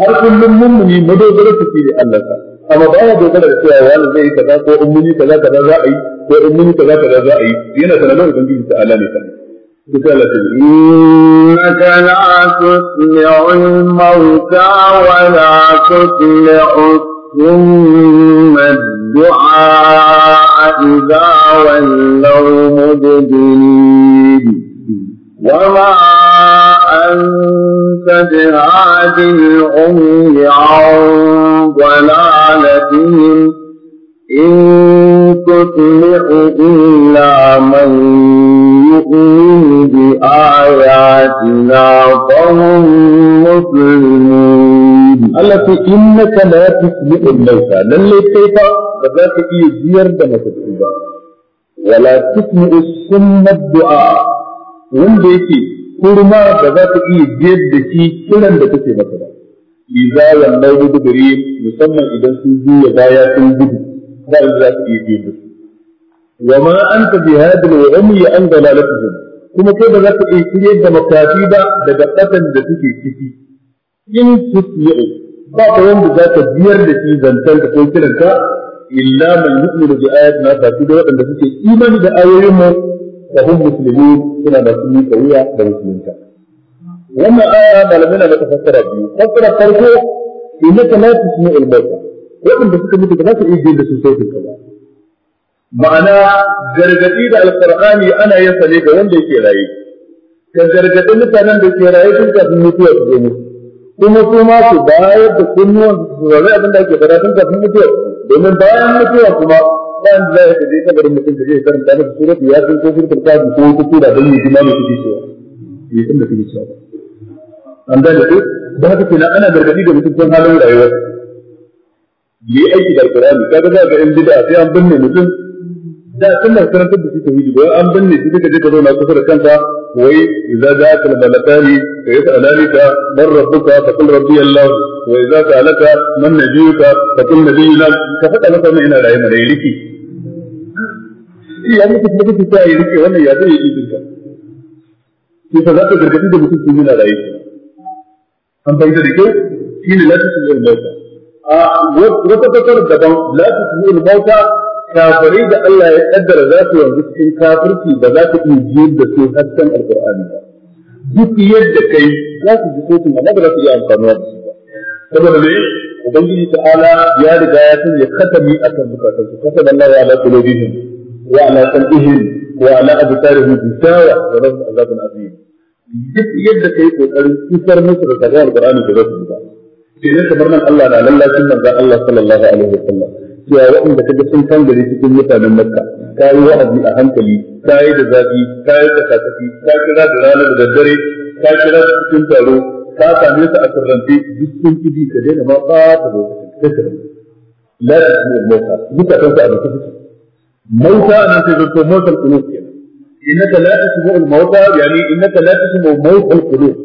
har kullum mun muni mummuni madogara ta ce Allah ta amma ba ya dogara cewa wani zai kaza ko in muni kaza kaza za a yi ko in muni kaza kaza za a yi yana sanarwa ubangiji ta Allah ne ta إنك لا تسمع الموتى ولا تسمع ثم الدعاء إذا ولوا مدبرين وما أنت بهاد العمي عن ضلالتهم إن تسمع إلا من يؤمن بآياتنا فهم مسلمون التي إنك لا تسمع الموتى لن كيف فذاك يزير دمك ولا تسمع السنة الدعاء وين بيتي kurma da za ta iya biyar da shi kiran da take masa ba idza wallau dubri musamman idan sun juya baya sun gudu ba za ta iya biyar da su wa ma an anta bi hadal wa ummi an dalalatuhum kuma kai ba za ta iya kire da makafi ba daga katan da suke ciki in tusmi'u ba ta wanda za ka biyar da shi zantar ka ko kiran ka illa man da bi na ba su da waɗanda suke imani da ayoyin mu fa hum muslimin suna da sunni kauya da musulunta wannan aya malamai na da fassara biyu fassara farko innaka la tusmi'ul mauta waɗanda suka mutu ba su iya jin da su sautin ka ba ma'ana gargadi da alqur'ani ana yin sa wanda yake raye ka gargadi mutanen da ke raye tun kafin mutuwa su zo musu kuma su ma su bayar da kunnuwan su abin da ake fara tun kafin mutuwa domin bayan mutuwa kuma dan da ya je kabarin mutum da zai karanta masa surati ya san ko surta ta ko ko sura dan yi imani kike cewa yi inda kike cewa an da duk da haka kenan ana gargadi da mutum kan halin rayuwa yi aiki da alqur'ani kaga za ga in bid'a sai an binne mutum da sun da karantar da shi tauhidi ba an binne shi duka je ka zauna kusa da kanka وإذا جاءك الملكان فيسألانك من ربك فقل ربي الله وإذا سألك من نبيك فقل نبي لك كفت لك من إلى العلم ليلك يعني كتبت في سائلك لك يا ذي يجيبك إيه كيف ذاك الدرجة دي بتكون من على إيه أم فإذا ذكر حين لا تسمع الموتى آه، وتتذكر الدبان لا تسمع الموتى kafirai da Allah ya kaddara za su yanzu cikin kafirci ba za su iya jiyar da su hasken alkur'ani ba duk yadda kai za su ji kotun amma ba za su iya amfanuwa da su ba saboda me ubangiji ta'ala ya riga ya sanya katami a akan zukatan su kasaba Allah ya ala qulubihim wa ala sam'ihim wa ala absarihim bisawa wa lahum azabun azim duk yadda kai kokarin kisar musu da kaga alkur'ani da za su ba sai kamar nan Allah na nan manzon Allah sallallahu alaihi wa sallam. cewa waɗanda kaga sun kan gari cikin mutanen makka ka yi wa'azi a hankali ka yi da zafi ka yi da kasafi ka kira da rana da daddare ka kira da cikin taro ka same su a sirrance duk sun kidi ka daina ma ba ta zo ka kira la ta yi mota duka kan sa a baka fito mota nan sai zato motar kunu kenan innaka la tasmu al mauta yani innaka la tasmu mautal qulub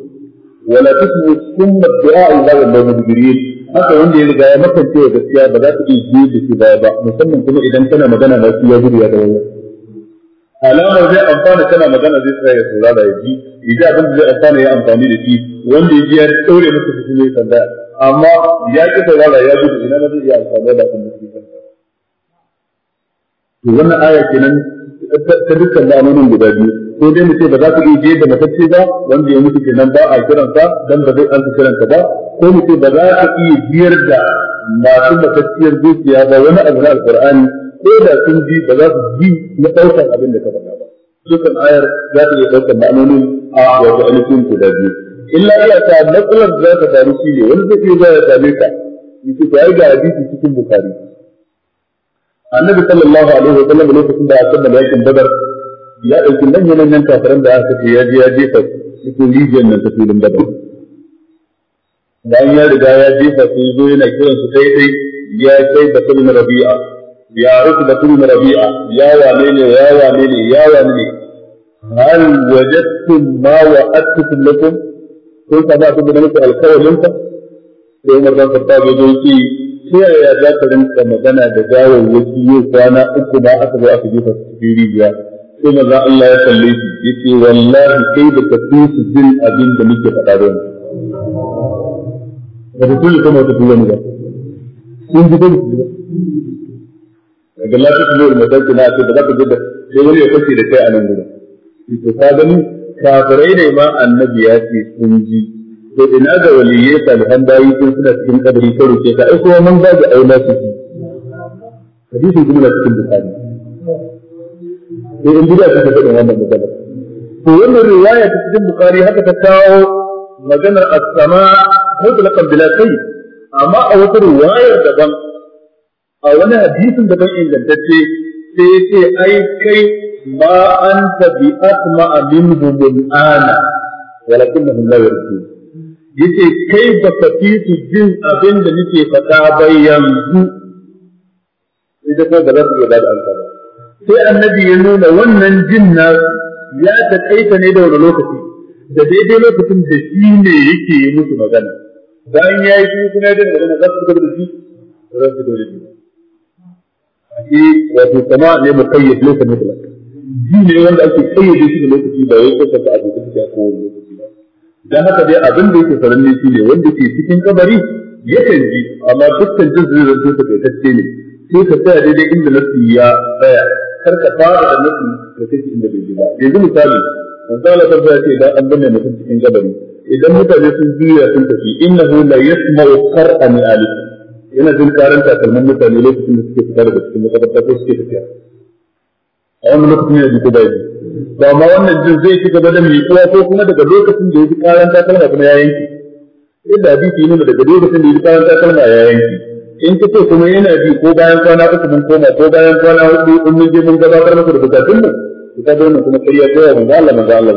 wala tasmu summa du'a ila al-mawt haka wanda ya riga ya makance wa gaskiya ba za ta iya ji da shi baya ba musamman kuma idan kana magana na su ya gudu ya dawo alamar zai amfana kana magana zai tsaya ya saurara ya ji idan abin da zai amfana ya amfani da shi wanda ya ji ya daure masa fitin ya sanda amma ya ki saurara ya gudu ina na zai iya amfani da abin da shi wannan aya kenan ta dukkan lamunin guda biyu ko dai mu ce ba za ka iya je da matacce ba wanda ya mutu kenan ba a kiransa dan ba zai alka kiransa ba ko mu ce ba za ka iya biyar da masu matacciyar zuciya ba wani abu na alqur'ani ko da sun ji ba za su ji na ɗaukar abin da ka faɗa ba dukkan ayar za ta iya ɗaukar ma'anoni a wato alifin guda biyu illa iya ta matsalar da za ka samu shi ne wani zai iya zuwa ya same ka yace ta yi ga hadisi cikin bukari annabi sallallahu alaihi wa sallam lokacin da aka da yakin badar ya ɗauki manyan manyan kafiran da aka ce ya je ya jefa cikin rijiyar nan ta filin badar bayan ya riga ya jefa su zo yana kiran su sai sai ya kai da kulmin rabi'a ya rufe da kulmin rabi'a ya wane ne ya wane ne ya wane ne hal wajadtum ma wa'adtukum lakum kun saba ku da muku alƙawarin ka sai Umar bin Khattab ya zo ki ta yaya za ka rinka magana da gawar wasu yau kwana uku ba aka zo aka jefa su cikin rijiya sai manzo Allah ya kalle shi yace wallahi kai da ka fi su jin abin da muke faɗa da ba da kullu kuma ta kullu ba sun ji dole daga lafiya kullu da mataki na ce da zaka ji da sai wani ya kace da kai a nan gurin to ka gani kafirai ne ma annabi ya ce sun ji to ina ga waliyai salihan bayi sun suna cikin kadari karo ke ka aiko man ga ga aula su ji hadisin kuma na cikin bukari da eh, in bida suke faɗin wannan magana to wannan riwaya ta cikin bukari haka ta kawo maganar as-sama mutlaqan bila kai amma a wata riwayar daban a wani hadisin daban ingantacce sai ya ce ai kai ma an bi asma minhum ana walakinnahum la yarjun yace kai ba ka fi su jin abin da nake faɗa ba yanzu ita ko ba za su iya ba da amsa sai annabi ya nuna wannan jin na ya taƙaita ne da wani lokaci da daidai lokacin da shi ne yake yi musu magana bayan ya yi shi kuma ya daina magana za su fitar da shi za su fitar da shi ake wato kama ne mu kayyar lokacin mutlak ji ne wanda ake kayyade shi da lokaci ba ya kusa ta abu kusa ta kowane lokaci ba dan haka dai abin da yake sananne shi ne wanda ke cikin kabari yakan ji amma dukkan jin zai zanto ta kai ne sai ka tsaya daidai inda nasu ya tsaya kar ka fara da mutum da kake inda bai ji ba yanzu misali misali kan ya ce idan an binne mutum cikin gabari. idan mutane sun juya sun tafi innahu la yasma'u qar'a min alif yana jin karanta kalmar mutane lokacin da suke fita daga cikin makabarta ko suke tafiya a wani lokacin yana jiko daji ba ma wannan jin zai ci gaba da miƙuwa ko kuma daga lokacin da ya ji karanta kalma kuma ya yanki yadda hadisi nuna daga lokacin da ya ji karanta kalma ya yanki in ka ce kuma yana bi ko bayan kwana uku mun koma ko bayan kwana in mun je mun gabatar masa da bukatun mu to ka kuma kariya ko yawan da Allah manzo Allah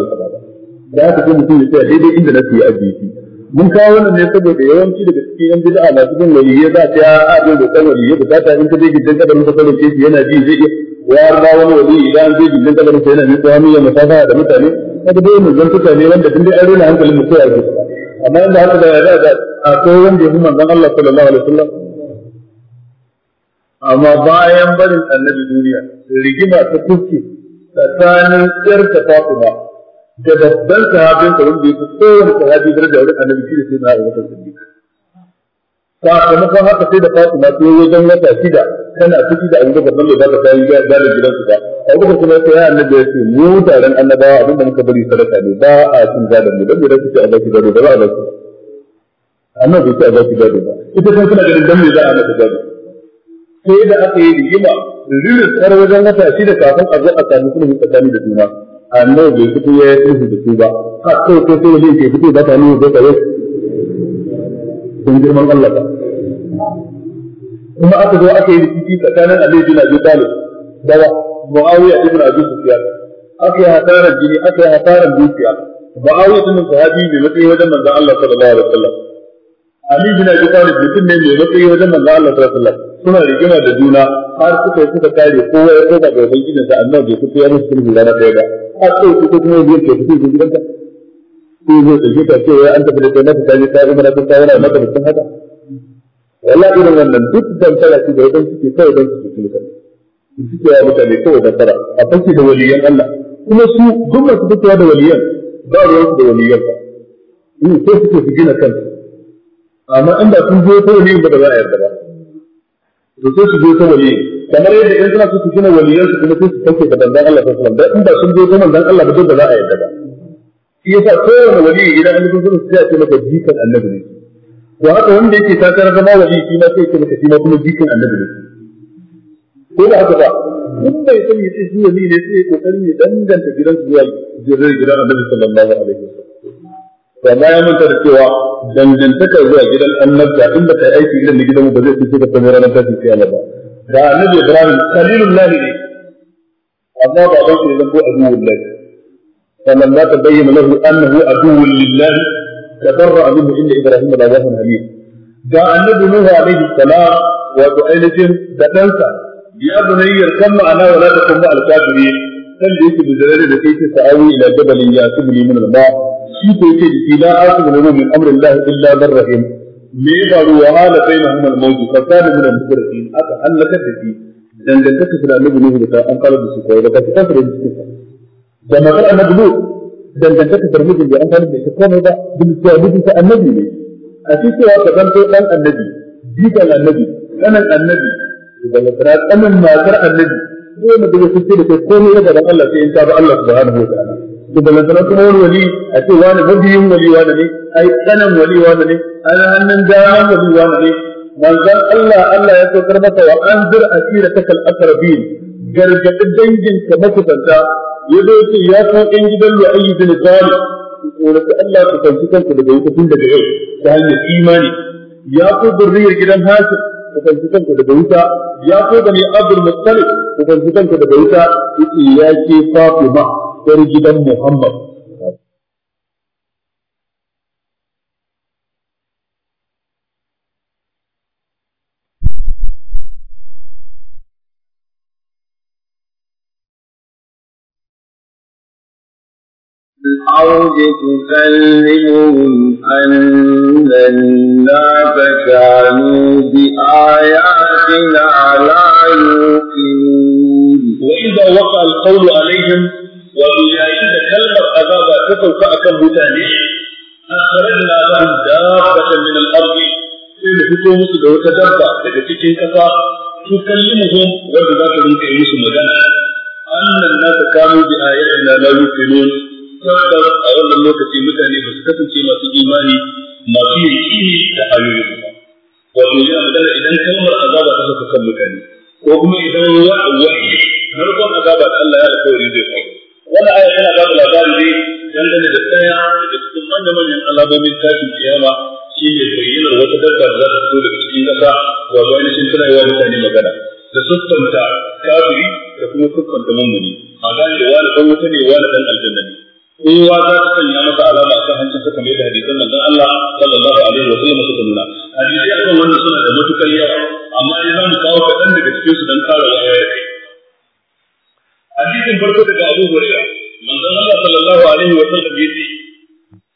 da haka mutum ya ce daidai inda na yi aji shi mun kawo wannan ne saboda yawanci daga cikin yan bid'a masu bin waliyya za ta a aje da kan waliyya bukata in ka je gidan ka da mutum ka yana bi zai iya wayar da wani wali idan zai gidan ka da yana ne tsawon ya musafa da mutane kada dai mun ne wanda tun dai an rena hankalin mutum a amma inda haka da ya a kowanne ya fi manzon Allah sallallahu alaihi wasallam amma bayan barin annabi duniya rigima ta kuske tsakanin yar ta fatima da babban sahabin da wanda yake kowane sahabi da wurin annabi shi da sai na Abubakar Siddiq sakamakon haka sai da fatima ta yi wajen wata shida tana ciki da abubakar nan da za ta yi gadon gidansu ba abubakar kuma ta yi annabi ya ce mu taron annabawa abinda muka bari sadaka ne ba a cin gadon mu dan gidansu ce a baki gado da ba a baki annabi ce a baki gado ba ita kuma suna ganin dan me za a mata gado sai da aka yi rigima ririn tsar wajen wata da kafin a zo a sami sulhu tsakani da juna annabi bai fito ya yi sulhu da su ba har kawai ko sai wajen ke fito ba ta nuna zai kare don girman Allah ba kuma aka zo aka yi rikici tsakanin Ali bin Abi Talib da Muawiya ibn Abi Sufyan aka yi hasarar jini aka yi hasarar dukiya Muawiya ibn Sahabi ne matsayi wajen manzon Allah sallallahu alaihi wasallam Ali bin Abi Talib mutum ne mai matsayi wajen manzo Allah sallallahu alaihi wasallam suna rigima da juna har suka yi suka kare kowa ya koma ga ubangiji da Allah bai fito ya musu sulhu rana daya ba har sai su ko kuma yake fito da gidanka sai zai da ta ce ya an tafi da kai na ta je ta umara ta tsawara na ta mutum haka wallahi irin wannan duk dantara ce da wajen suke kawai don su fito da suke ya mutane kawai dantara a fanki da waliyan Allah kuma su duk su fitowa da waliyan ba ruwan da waliyan ba sai suke su gina kansu amma in ba sun biyo ta waliyin ba da za a yarda ba to sai su biyo ta waliyin kamar yadda in suna su gina waliyan su kuma sai su kanke da banzan Allah sallallahu alaihi wasallam in ba sun biyo ta manzan Allah ba duk da za a yarda ba shi yasa kowane waliyi idan an zo sun sai a ce maka jikan annabi ne to haka wanda yake takarar zama waliyi shi ma sai ya ce maka shi ma kuma jikan annabi ne ko da haka ba duk mai san sai shi waliyi ne sai ya kokari ya danganta gidan zuwa gidan annabi sallallahu alaihi wasallam da na ya manta da cewa dangantaka zuwa gidan annabta inda kai aiki irin da gidan mu ba zai fice da kamar ranar tafi kiyama ba da annabi ibrahim khalilullah ne amma ba ban shi zan ko azuwullah sannan za ta bayyana lahu annahu aduwwul lillah tadarra minhu inda ibrahim la yahun hamid da annabi nuhu alaihi salam wato ainihin da ɗansa ya bunayyar kan ma'ana wala takun ma'al kafirin kan da yake bijirar da kai ce sa'awi ila jabalin ya tubu ne min alba shi ko yake da ila asibu ne min Amurin lahi illa bar rahim me ya faru wa hala bainahum al-mawt fa kana min al-mukhrifin aka halaka da shi dangantaka da annabi ne da an kalar da su kai da kafin kafin da shi da magar annabi ne dangantaka da mijin da an kalar da shi komai ba bin tawhidin ta annabi ne a cikin cewa ka zanto dan annabi jikan annabi kanan annabi daga kana kanan matar annabi zai mu da kuce da kai komai na gaban Allah sai in ta ba Allah subhanahu wa ta'ala to balantana kuma wani wali a ce wani mabiyin wali wani ne ai kanan wali wani ne an hannun dama wali wani ne manzon Allah Allah ya saukar masa wa anzir asirataka al-aqrabin gargadi dangin ka makusanta ya zo ce ya ko ɗan gidan lu'ayyi bin zalim tsorata Allah ku kanci kanku daga wuta tun daga yau ta hanyar imani ya ko zurriyar gidan Hasib ku fanci ka daga wuta ya ko da ne abdul muttalib ku fanci kanku daga wuta yake ya ke fatima yar gidan muhammad الأرض تكلمهم أن الناس كانوا بآياتنا لا يوقنون وإذا وقع القول عليهم وإذا كلمة عذاب تسوق أكل متاني أخرجنا لهم دابة من الأرض إن فتوه سدوة دابة إذا تكين كفا تكلمهم وإذا ذات رمك يوسف مجانا أن الناس كانوا بآياتنا لا يوقنون tabbas a wannan lokaci mutane ba su kasance masu imani masu yaƙini da ayoyin ba wato yana magana idan kalmar azaba ta saka kan mutane ko kuma idan wa'ayi narkon azaba da Allah ya alƙawari zai faru wannan aya tana ba da labari ne dangane da tsaya da cikin manya-manyan alamomin tashin kiyama shi ne bayyanar wata dabba da za ta fito daga cikin ƙasa wato ainihin tana yi wa mutane magana da siffanta kafiri da kuma siffanta mummuni a gane wani ɗan wuta ne wani ɗan aljanna ne kowa za ta sanya masa alama a kan hancin kamar yadda hadisan manzon Allah sallallahu alaihi wa sallam suka nuna hadisi akan wannan suna da matukar yawa amma ya za mu kawo kaɗan daga cikin su don kare wa ya kai hadisin farko daga Abu Hurairah manzon Allah sallallahu alaihi wa sallam yace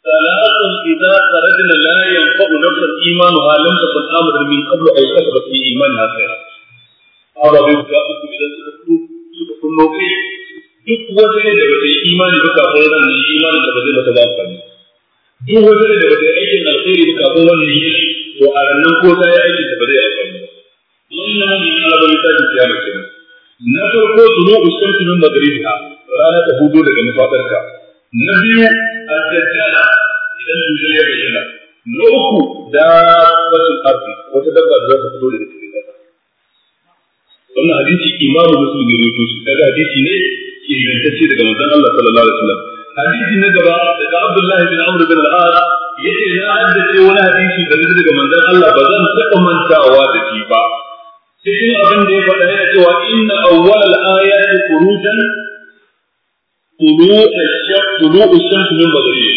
ثلاث إذا خرجنا لا ينفع نفسا إيمانها لم تكن آمنا من قبل أو كسبت في إيمانها خيرا. أرى بمجاهد إذا سكتوا سكتوا النوكي. duk wata ne da bata yi imani ba kafin ran ne imanin ka ba zai maka za ka ne duk wanda da bai aikin alkhairi ba kafin wannan yi to a ranar ko ta yi aikin da ba zai amfani ba wannan ne na bari ta ji kiyama kenan na farko zuwa ustamti min magribiha rana ta hudu daga mafadarka na biyu a dajjala idan dujal ya bayyana na uku da wasu arzi wata dabba da za ta fito daga cikin kasa wannan hadisi imamu musulmi ne rawaito shi kaga hadisi ne ingantacce daga manzon Allah sallallahu alaihi wasallam hadisi na gaba daga Abdullahi bin Amr bin al-As yace na haddace wani hadisi da nake daga manzan Allah ba zan taɓa mantawa da shi ba cikin abin da ya faɗa yana cewa inna awwal al-ayati khurujan طلوع الشمس طلوع الشمس من مغربها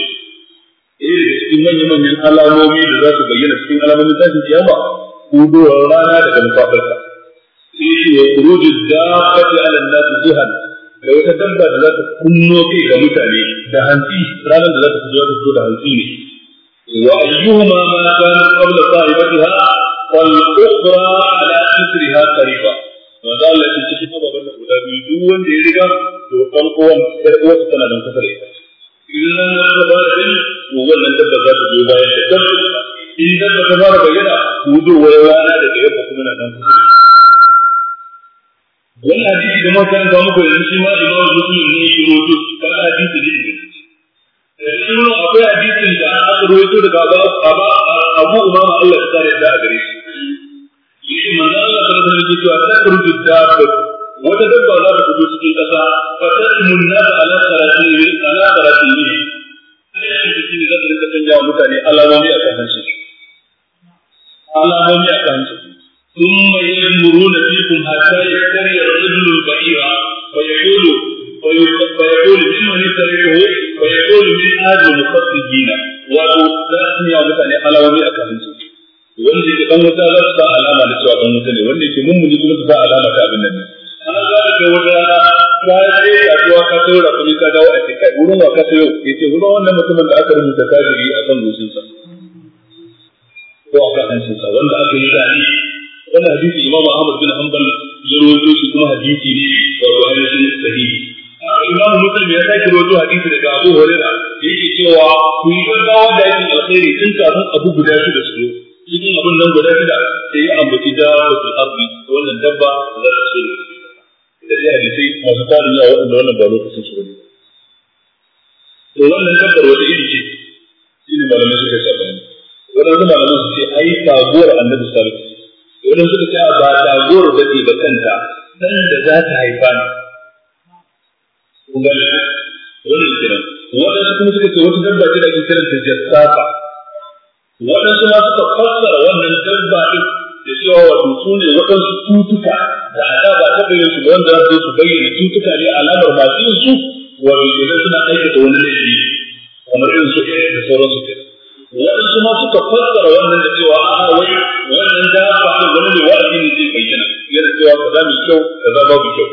إيه cikin manyan alamomi da za su bayyana cikin rana da wata dabba da za ta kunno kai ga mutane da hantsi ranar da za ta fito ta da hantsi ne wa ayyuhuma ma kan qabla sahibatiha wal ukhra ala asriha qariba wa Allah ya ce cikin baban da guda biyu duk wanda ya riga to dan uwan sai uwa tana da kasar ita illa ba shi wannan dabba za ta zo bayan da dabba in dabba ta fara bayyana wudu wani rana da ya kuma na dan wannan hadisi da muka karanta muku yanzu shi ma imamu muslim ne ya rawaito kan hadisi da yake cikin nan akwai hadisin da aka rawaito daga Abu Abu Umama Allah ya tsare da gare shi shi manzo Allah sallallahu alaihi wasallam ya ce ta kuru dabba wata dabba za ta fito cikin kasa fa tasmun da ala ne. ala sarati ne shi ne zai rinka canja mutane alamomi a kan shi alamomi a kan shi ثم ينظرون فيكم حتى يشتري الرجل البعير فيقول فيقول من من يسرقه فيقول من هذا المخففين wato za a sanya wa mutane alamomi a kan su wanda ke dan wuta alama da cewa dan wuta wanda ke mummuni kuma su sa alama ta abin nan ne an za a ga wata rana ka je kasuwa ka sayo rakumi kai wurin wa ka sayo ya ce wannan mutumin da aka rubuta kafiri a kan goshinsa ko a kan hancinsa wanda aka yi zane wannan hadisi imamu ahmad bin hanbal ya rawaito shi kuma hadisi ne wato ainihin sahihi imamu muslim ya sake rawaito hadisi daga abu hurairah yake cewa ku yi gaggawa da aikin alkhairi tun kafin abu guda shida su zo cikin abin nan guda shida sai ya ambaci da wasu arzi wannan dabba za ta so da dai hadisai masu tarin yawa wanda wannan ba lokacin su ne to wannan dabbar wata iri ce shi ne malamai suka shafa ne wannan malamai su ce ai sabuwar annabi sallallahu alaihi wasallam wadda suka ce ba taguwar ba ce ba kanta dan da za ta haifa ne kun da kiran ta jassafa ma suka wannan dabba da cewa wato da su wanda za su masu yin su suna aikata wani laifi kamar irin su da sauransu kenan waɗansu ma suka fassara wannan da cewa a wai wannan da ba a wani ne wa'azi ne zai bayyana yana cewa kaza mai kyau kaza babu kyau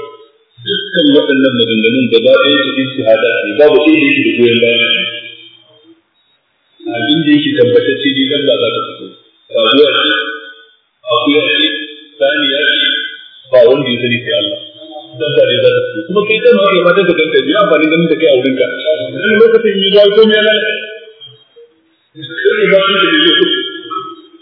dukkan waɗannan maganganun da ba ɗaya cikin su hada ne babu ɗaya da yake da goyon baya abin da yake ce ne kan da za ta fito ba zuwa ce akuya ce ya ce ba wanda ya sani sai Allah dan da za ta fito kuma kai kan ma kai ma da ganta ne amfani ganin da kai a wurinka wani lokacin yi zuwa ko me lalace sun riga an da yi su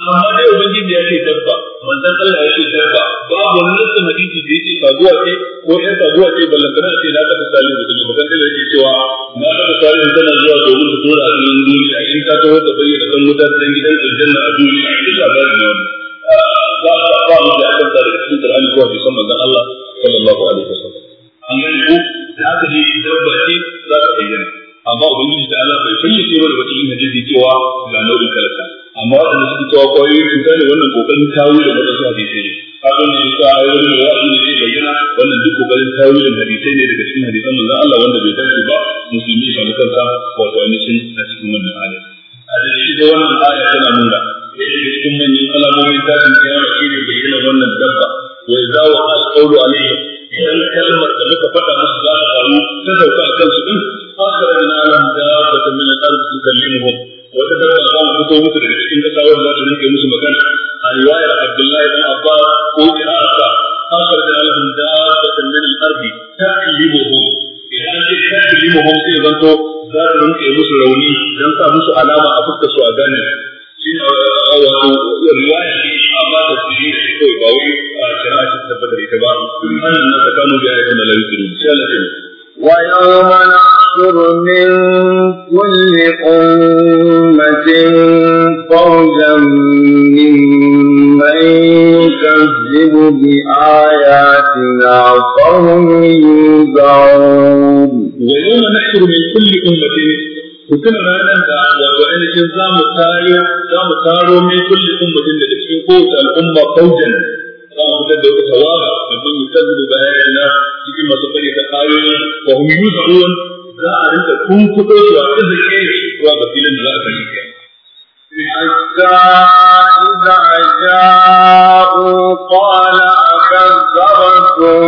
amma dai ubangiji ya ce dabba manzon Allah ya ce dabba babu wani nassin hadisi da yake saduwa ce ko ɗan saduwa ce ballantana ce na taɓa salihu da dalilin kan da yake cewa na taɓa salihu tana zuwa domin ta tura a cikin duniya in ta taho da bayyana kan wutar dan gidan aljanna a duniya duk labarin ne ba a ba mu da akan da cikin Qur'ani ko hadisan manzon Allah sallallahu alaihi wasallam an gani ko za ka ne dabba ce za ka bayyana amma ubangiji ta Allah bai fayyace mana wata yin hadisi cewa ga nau'in karanta amma waɗanda suke cewa kwayoyin cuta ne wannan kokarin tawo da wadansu hadisai ne kaga ne suka wani ne yi ne bayyana wannan duk kokarin tawo da hadisai ne daga cikin hadisan manzon Allah wanda bai dace ba musulmi ya samu kansa wato ainihin a cikin wannan hali a cikin da wannan aya tana nuna yadda cikin manyan alamomin tashin kiyama shine bayyana wannan dabba wa idza wa al alayhi idan kalmar da muka faɗa musu za ta faru ta dauka akan su din فأخرجنا لهم دابة من الأرض تكلمهم وتتبع الأرض فتوه مثل الشكين تساوي ما تنكي مسلم كان رواية عبد الله بن عباس قوتي آتا فأخرجنا لهم دابة من الأرض تكلمهم إذا تكلمهم إذا أنت ذات رنك يمس روني جنسا مسو علامة أفكت سوى داني رواية أما تسجيل شكوي باوي شراء تثبت الإتباع أن الناس كانوا بآياتنا لا يسجدون سألتني ويوم نحشر من كل أمة فرجا ممن يكذب بآياتنا فهم يوزعون ويوم نحشر من كل أمة وكما أن وأن الإنسان مسارع مسارع من كل أمة لتشكوك الأمة فوجا za mu fitar da wata tawaga da mun yi kazzubu bayan na cikin masu fari da ayoyin wa hum yuzun za a rinka tunkuɗo su a kan zake zuwa ga filin da za a sani kai إذا جاءوا قال أكذبتم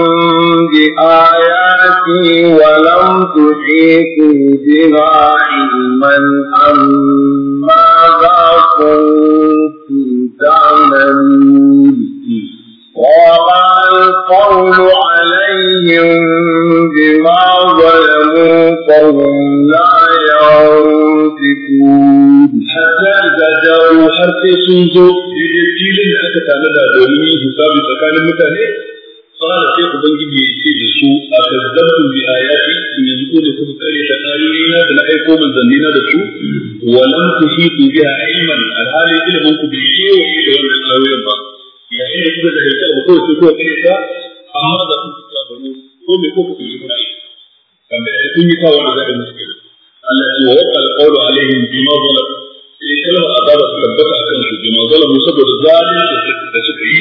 بآياتي ولم تحيطوا بها علما أم ماذا كنتم تعملون ووقع القول عليهم بما ظلموا فهم لا ينطقون حتى إذا جاءوا حرف سنزو يجيل لك تعالى دوني حساب سكان المتهي قال شيخ بنجي يجي لسوء أكذبتم بآياتي من يذكر لكم تاريخ آيونا بلعيكم من ذنينا لسوء ولم تحيطوا بها علما الحالي إلى منكم بشيء وإلى من الآيوين su ko kai ta amma da su ta domin ko me ko ku yi kan da sun yi kawo zai Allah ya wa qawlu alaihim bima zalam tabbata akan bima zalam saboda da yi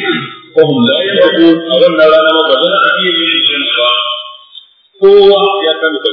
ko hum la yaqul rana ma ba kowa ya kan da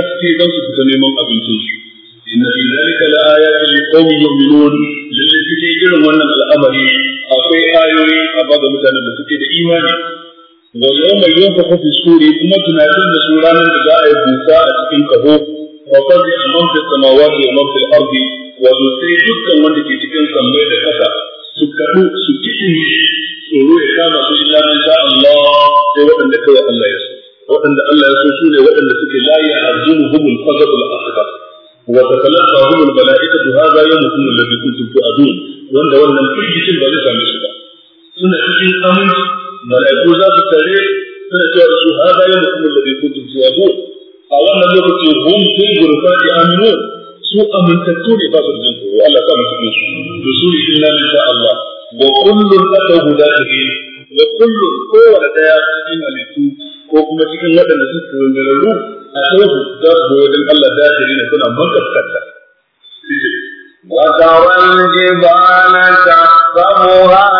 za su ce don su fita neman abincin su inna fi zalika la ayatin liqaumin yu'minun lalle suke irin wannan al'amari akwai ayoyi a bada mutanen da suke da imani wa yawma yunfakhu fi suri kuma tunatin da su da za a yi busa a cikin kaho wa qad amam fi samawati wa man fil ardi wa sai dukkan wanda ke cikin sammai da kasa su kadu su kishi tsoro ya kama su illa man sha Allah sai waɗanda kawai Allah ya so waɗanda Allah ya so su ne waɗanda suke layi يلزمهم الفزع الأكبر وتتلقاهم الملائكة هذا يومكم الذي كنتم تؤذون وأن وأن كل شيء ذلك عن الشباب سنة cikin aminci mala'iku za su tare suna cewa da haza yau mutum da bai kuntum su yabo a wannan lokaci hum fil ghurfati aminu su amintattu ne ba su jin tsoro Allah ta musu su to su Allah wa kullun atahu kullun daya cikin halittu ko kuma cikin waɗanda suka rangararru a kansu za su Allah da suna makaskanta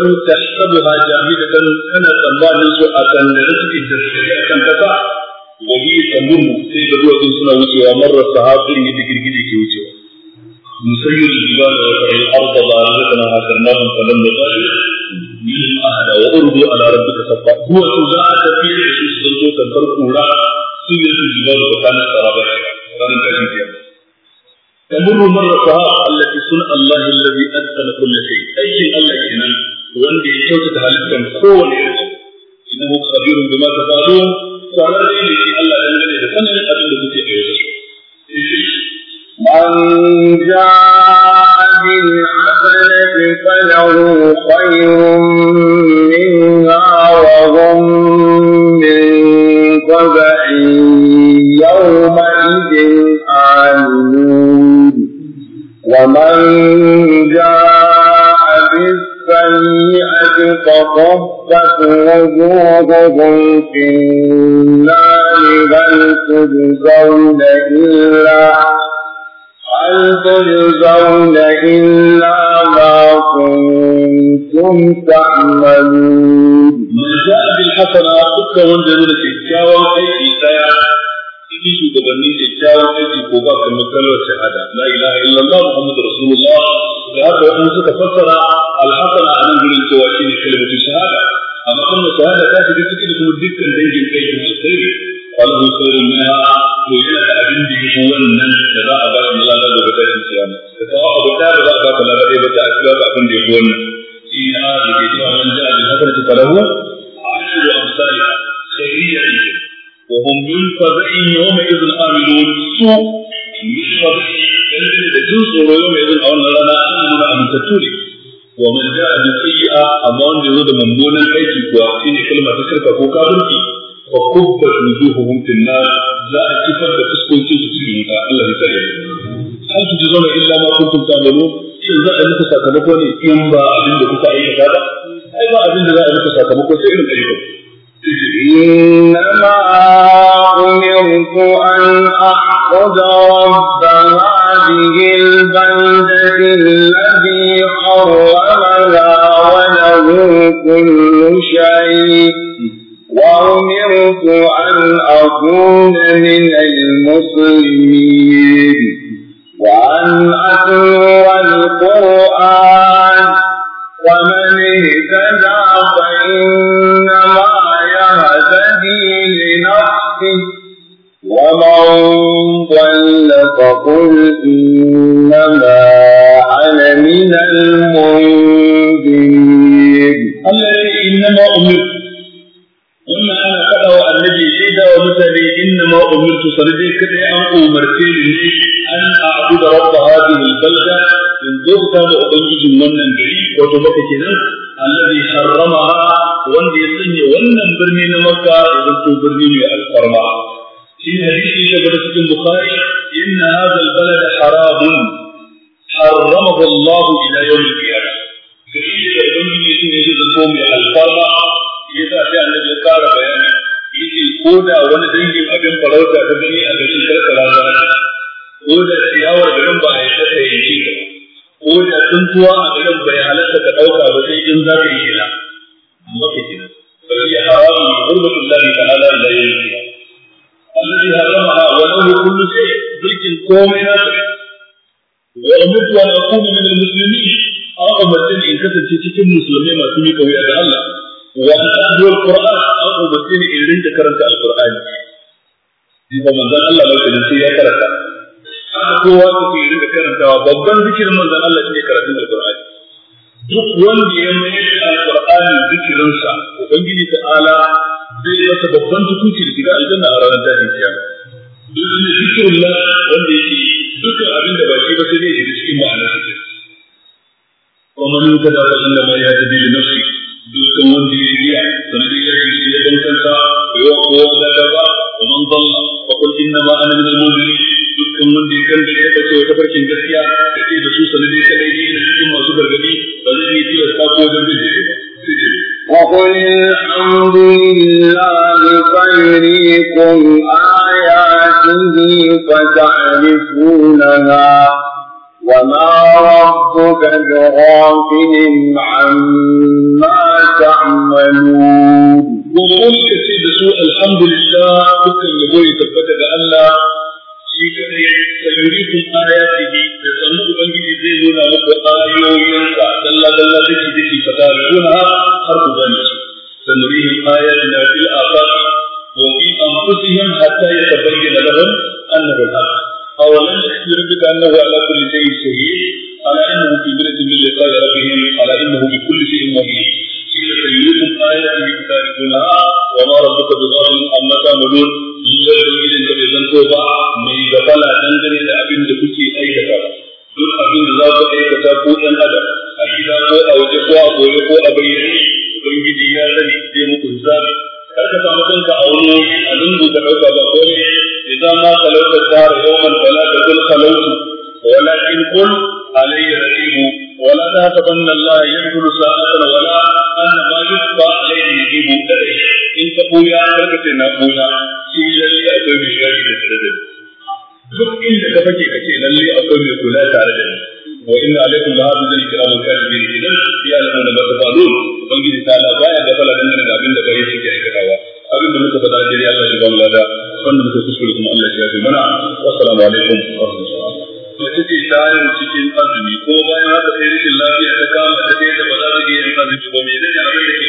تذهب تحسبها جامدة أنا تنبالي سوء أتنبالي سوء أتنبالي wani ya tambun sai ga zuwa sun suna wucewa marar sahabin ya ta girgije ke wucewa musayi da zuwa da wani arba ba da kana hakan na ban kalan da tashi min ahada wa urdu ala rabbika sabba huwa su za a tafi da su su zanto tantar kura su ne su zuwa da kana saraba kan kashi ke تمر مر الصحاب التي صنع الله الذي أتقن كل شيء أي الله كنا wanda ya kyautata halittar kowane irin innahu khabirun bima tafalun kwararre ne shi Allah dangane da sanin abin da kuke aiwatar من جاء بالحسنة فله خير منها وهم من قبع يومئذ آمنون ومن تخبت وجوههم في النار بل تجزون إلا هل تجزون إلا ما كنتم تعملون. من جاء بالحسنة فكر من جنون في وأي shi shugabanni kyakkyawan aiki ko ba kamar kalmar shahada la ilaha illallah muhammadu rasulullah da haka wadanda suka fassara alhasan a nan gurin cewa shi ne kalmatu shahada amma kalmar shahada ta shiga cikin da kuma dukkan dangin aikin alkhairi walhu sirrin minha to yana da abin da yake wannan da za a ba shi lada da ga tashin kiyama da ta abu da za a ba ka lada da ta asira da abin da yake wannan shi na da ke cewa man ja'a bil hasanati falahu ashru amsalha khairiyya وهم من فزع يومئذ آمنون سوء من فزع da jin tsoro yau mai zai a wannan rana an nuna amintattu ne wa man ja'a bi sayyi'a amma wanda yazo da mummunan aiki kuwa shine kalma ta shirka ko kafirci fa kubba wujuhuhum fil nar za a kifar da fuskokin su cikin wuta Allah ya tsare hal tu zauna illa ma kuntum ta'malun ba إنما أمرت أن أعبد رب هذه البلدة الذي حرمها وله كل شيء وأمرت أن أكون من المسلمين وأن أتلو القرآن وقل إنما أنا من المنذرين قال لي إنما أمرت ثم أنا قد وأنجي إيدا ومثلي إنما أمرت صديقك أن أمرتين أن أعبد رب هذه البلدة من دور كان أبنجي من النبي وتبقى الذي حرمها وندي صني ونن برني نمكا وندي برني الفرما في هذه الشيء كبرت البخاري إن هذا البلد حرام حرمه الله إلى يوم القيامة كيف يجب أن يجزكم على الفرع إذا أتى أن يجزكار بيانا إذا القودة ونزيج أبن فلوك أبني أبن شرك الله قودة سياوة جنب بحيشة يجيك قودة سنتوى أبن بيانا ستتوقع بسيج ذاك إجلا مفتنا فهي حرام من قربة الله تعالى لا يجب cikin komai na wa umirtu an akuna min al-muslimin an in kasance cikin musulmi masu mika wuya ga Allah wa an adu al-qur'an an umarce in rinda karanta al-qur'ani ba manzon Allah ba kenan sai ya karanta aka kowa su ke rinka karantawa babban zikirin manzon Allah shine karatun al-qur'ani duk wanda ya mai al-qur'ani zikirinsa ubangiji ta'ala zai masa babban tukuci da shiga aljanna a ranar tashin kiyama duk cikin la wanda yake dukkan abin da ba ba sai dai cikin ma'ana sa wa man kada fa inna ma ya tadi nafsi dukkan wanda riya shi dan ko da da ba wa man dalla fa qul inna ma ana min al dukkan wanda kan da farkin gaskiya da da su sanadi ne cikin masu gargadi ba zai yi tilas ta ko da وقل الحمد لله عَنْهُ فَتَعْرِفُونَهَا وَمَا رَبُّكَ بِغَافِلٍ عَمَّا تَعْمَلُونَ بقول كثير سوء الحمد لله بكر نبوي تبتة بألا في كثير سيريكم آياته سنريهم آياتنا أنفسهم حتى يتبين لهم أنه الحق أولم يخبر بك أنه على كل شيء شهيد على أنه في بلد من لقاء ربهم على أنه بكل شيء مهين حين تريكم آياته تاركونها وما ربك بظالم أما تعملون لله إذن تبين توضع من دخل دندن أبن دكتي أي كتاب دون abin da za ku aikata ko ɗan adam a gida ko a waje ko a ko a bayyane ubangiji ya sani sai muku zaɓi kar ka samu kanka a wani a lungu ka ɗauka ba kore idan ma talauta tara yawan wala da kul talautu ولكن قل علي رقيب ولا تحسبن الله يغفر ساعة ولا أن In ka عليه يجيب إن تقويا تركت نقويا في للي أقوي من غير السجن duk inda ka fake ka ce lalle akwai mai kula tare da ni wa inna ba lada wanda muka kuskure kuma Allah ya yi mana assalamu alaikum wa rahmatullahi cikin azumi ko bayan haka sai lafiya ta kama kai da ba za ta yin azumi me zai abin da ke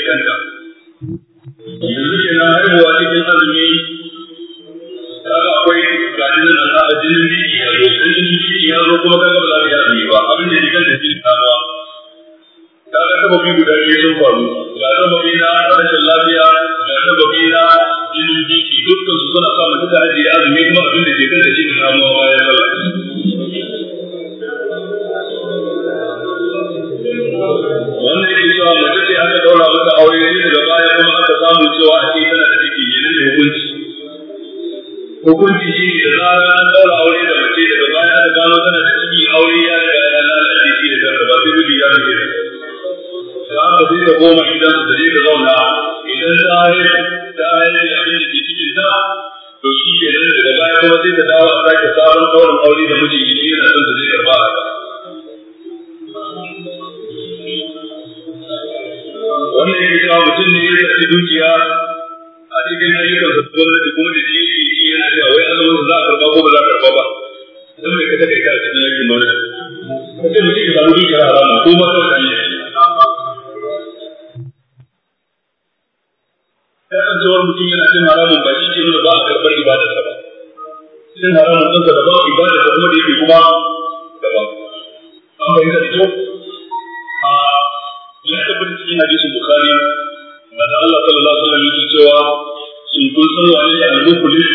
yanzu ke na haihuwa cikin azumi kaga akwai gajin a jinin a lokacin jinin biki ya zo kuma kaga ba za ta azumi ba abin da sababi guda biyu sun faru ga sababi na rashin lafiya cikin ayyukan da gwamnati kuma da shi yake shi yana cewa wai an zama za a karba ko ba za a karba ba dan me kada kai ka cikin aikin nan mutum da yake samu dukiya harama ko ma ta yi kasancewar mutum yana cin haramun ba shi ke nuna ba a karɓar ibadarsa ba cin haramun sun da ba ibadarsa kuma da yake kuma daban an bayyana da kyau a ya tabbata cikin hadisin bukhari manzo Allah sallallahu alaihi wasallam yake cewa shi kun san wani ne al-muflis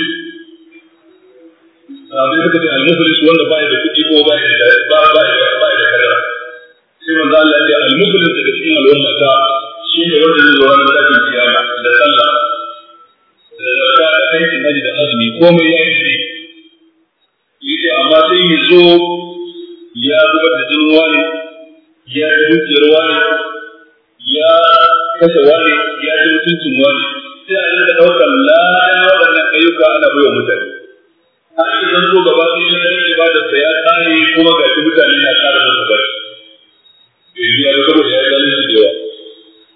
sabai suka ce al-muflis wanda ba ya da kuɗi ko ba ya da ba ba ya ba ya da kada sai manzo Allah ya al-muflis daga cikin al'umma ta shi ne wanda zai zo ranar tashin kiyama da sallah da zakka da aikin haji da azumi komai ya yi yace amma sai ya zo ya zubar da jinin wani ya dukiyar wani ya kashe wani ya ji mutuncin wani sai a rinka ɗaukar laya waɗannan ayyuka ana baiwa mutane har su zan so gaba ɗaya na yin ibadar sa ya tsare kuma ga shi mutane na ƙara masa bari bai eh, biya ba saboda ya gani su da yawa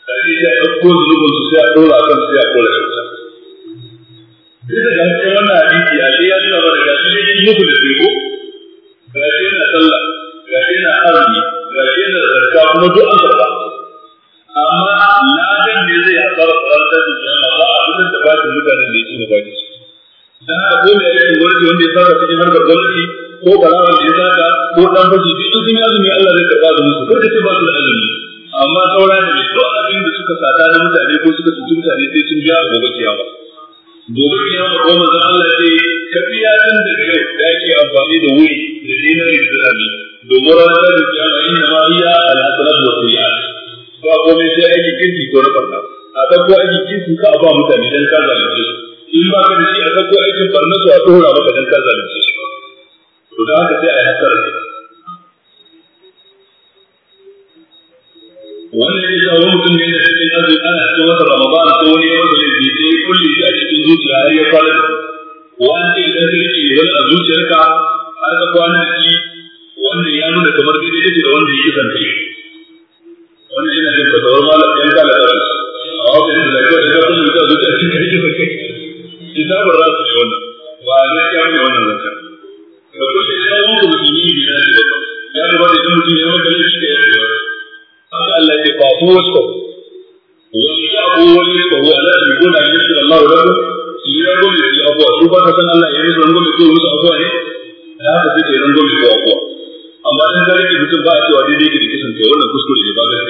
kaji ya ɗauko zunubin su sai a ɗora a kan su ɗora shi ta sai da gaske wannan hadisi a sai ya nuna mana gashi ne yin muku da teku gashi yana sallah gashi yana azumi gashi na kuma duk an karɓa mutum ne zai asara tsarar tashin kiyama ba a abin da ba shi mutanen da ya ci da shi dan haka ko mai aikin gwamnati wanda ya saka cikin harkar gwamnati ko balawan da ya saka ko dan fashi duk sun yi azumi Allah zai karɓa da musu kada ce ba su da azumi amma saura da mai duk abin da suka sata na mutane ko suka tuntu mutane sai sun biya a gobe ba. gobe kiyama ko manzon Allah ya ce ka biya din da kai da ake amfani da wuri da dinari da zabi domin ranar da kiyama inna ma da al-hasanatu wa sayyi'at ba komai sai aiki kirki ko na barna a ɗauko aiki kirki ka a ba mutane dan ka zalunce su in ba ka da shi a ɗauko aikin barna su a ɗora maka dan ka zalunce su to da haka sai a yi hasara wannan ya wani mutum ne da cikin azumi ana cikin wata ramadan ko wani yau da zai je kulli a cikin zuciya har ya fara wani idan zai ke wani a zuciyarka har ka kwana da wannan ya nuna kamar daidai da wanda ya kisan kai kitabar rasu ne wannan ba na ya ne wannan zancen da ko shi ya yi da mutum ne da ya ya da wani mutum ne wanda ya shi da ya yi haka Allah ya fa ko wasu wani ya ko wani ko wa la ta na ne shi Allah rabbu shi ya shi abuwa su ba ka san Allah ya yi rango da musu abuwa ne da haka sai rango da abuwa amma in ka mutum ba a cewa daidai ke da kisan kai wannan kuskure ne ba gaskiya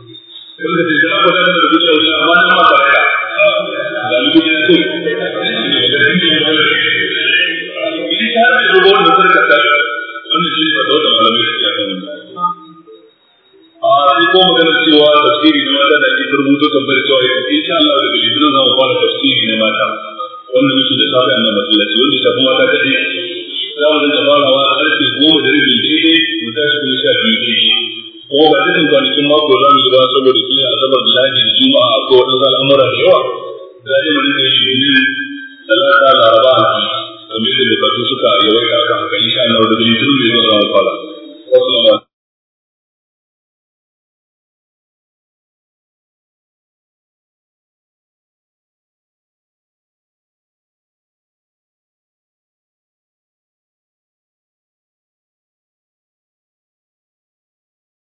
suka ce jira guda da rubutu da shi amma na ba ka da rubutu da shi shi ta ce rubo da sarka ta wanda shi ba da wannan malamai shi ya kan a sai ko magana cewa tafsiri na mata da ke rubutu kan bar cewa insha Allah da bidiyo za mu fara tafsiri na mata wannan shi da sabai annabi masallaci wanda ta kuma ta kace za mu dinga farawa a ƙarfe goma da rabi daidai mu tashi kuma sha biyu daidai ko ba dukkan kwanakin mako za mu yi ba saboda kila asabar da lahadi da juma'a ko wadansu al'amura da yawa da zai mu rika shi ne talata laraba kamar yadda bukatu suka yawaita akan haka insha Allah da bin tun da zai zama fara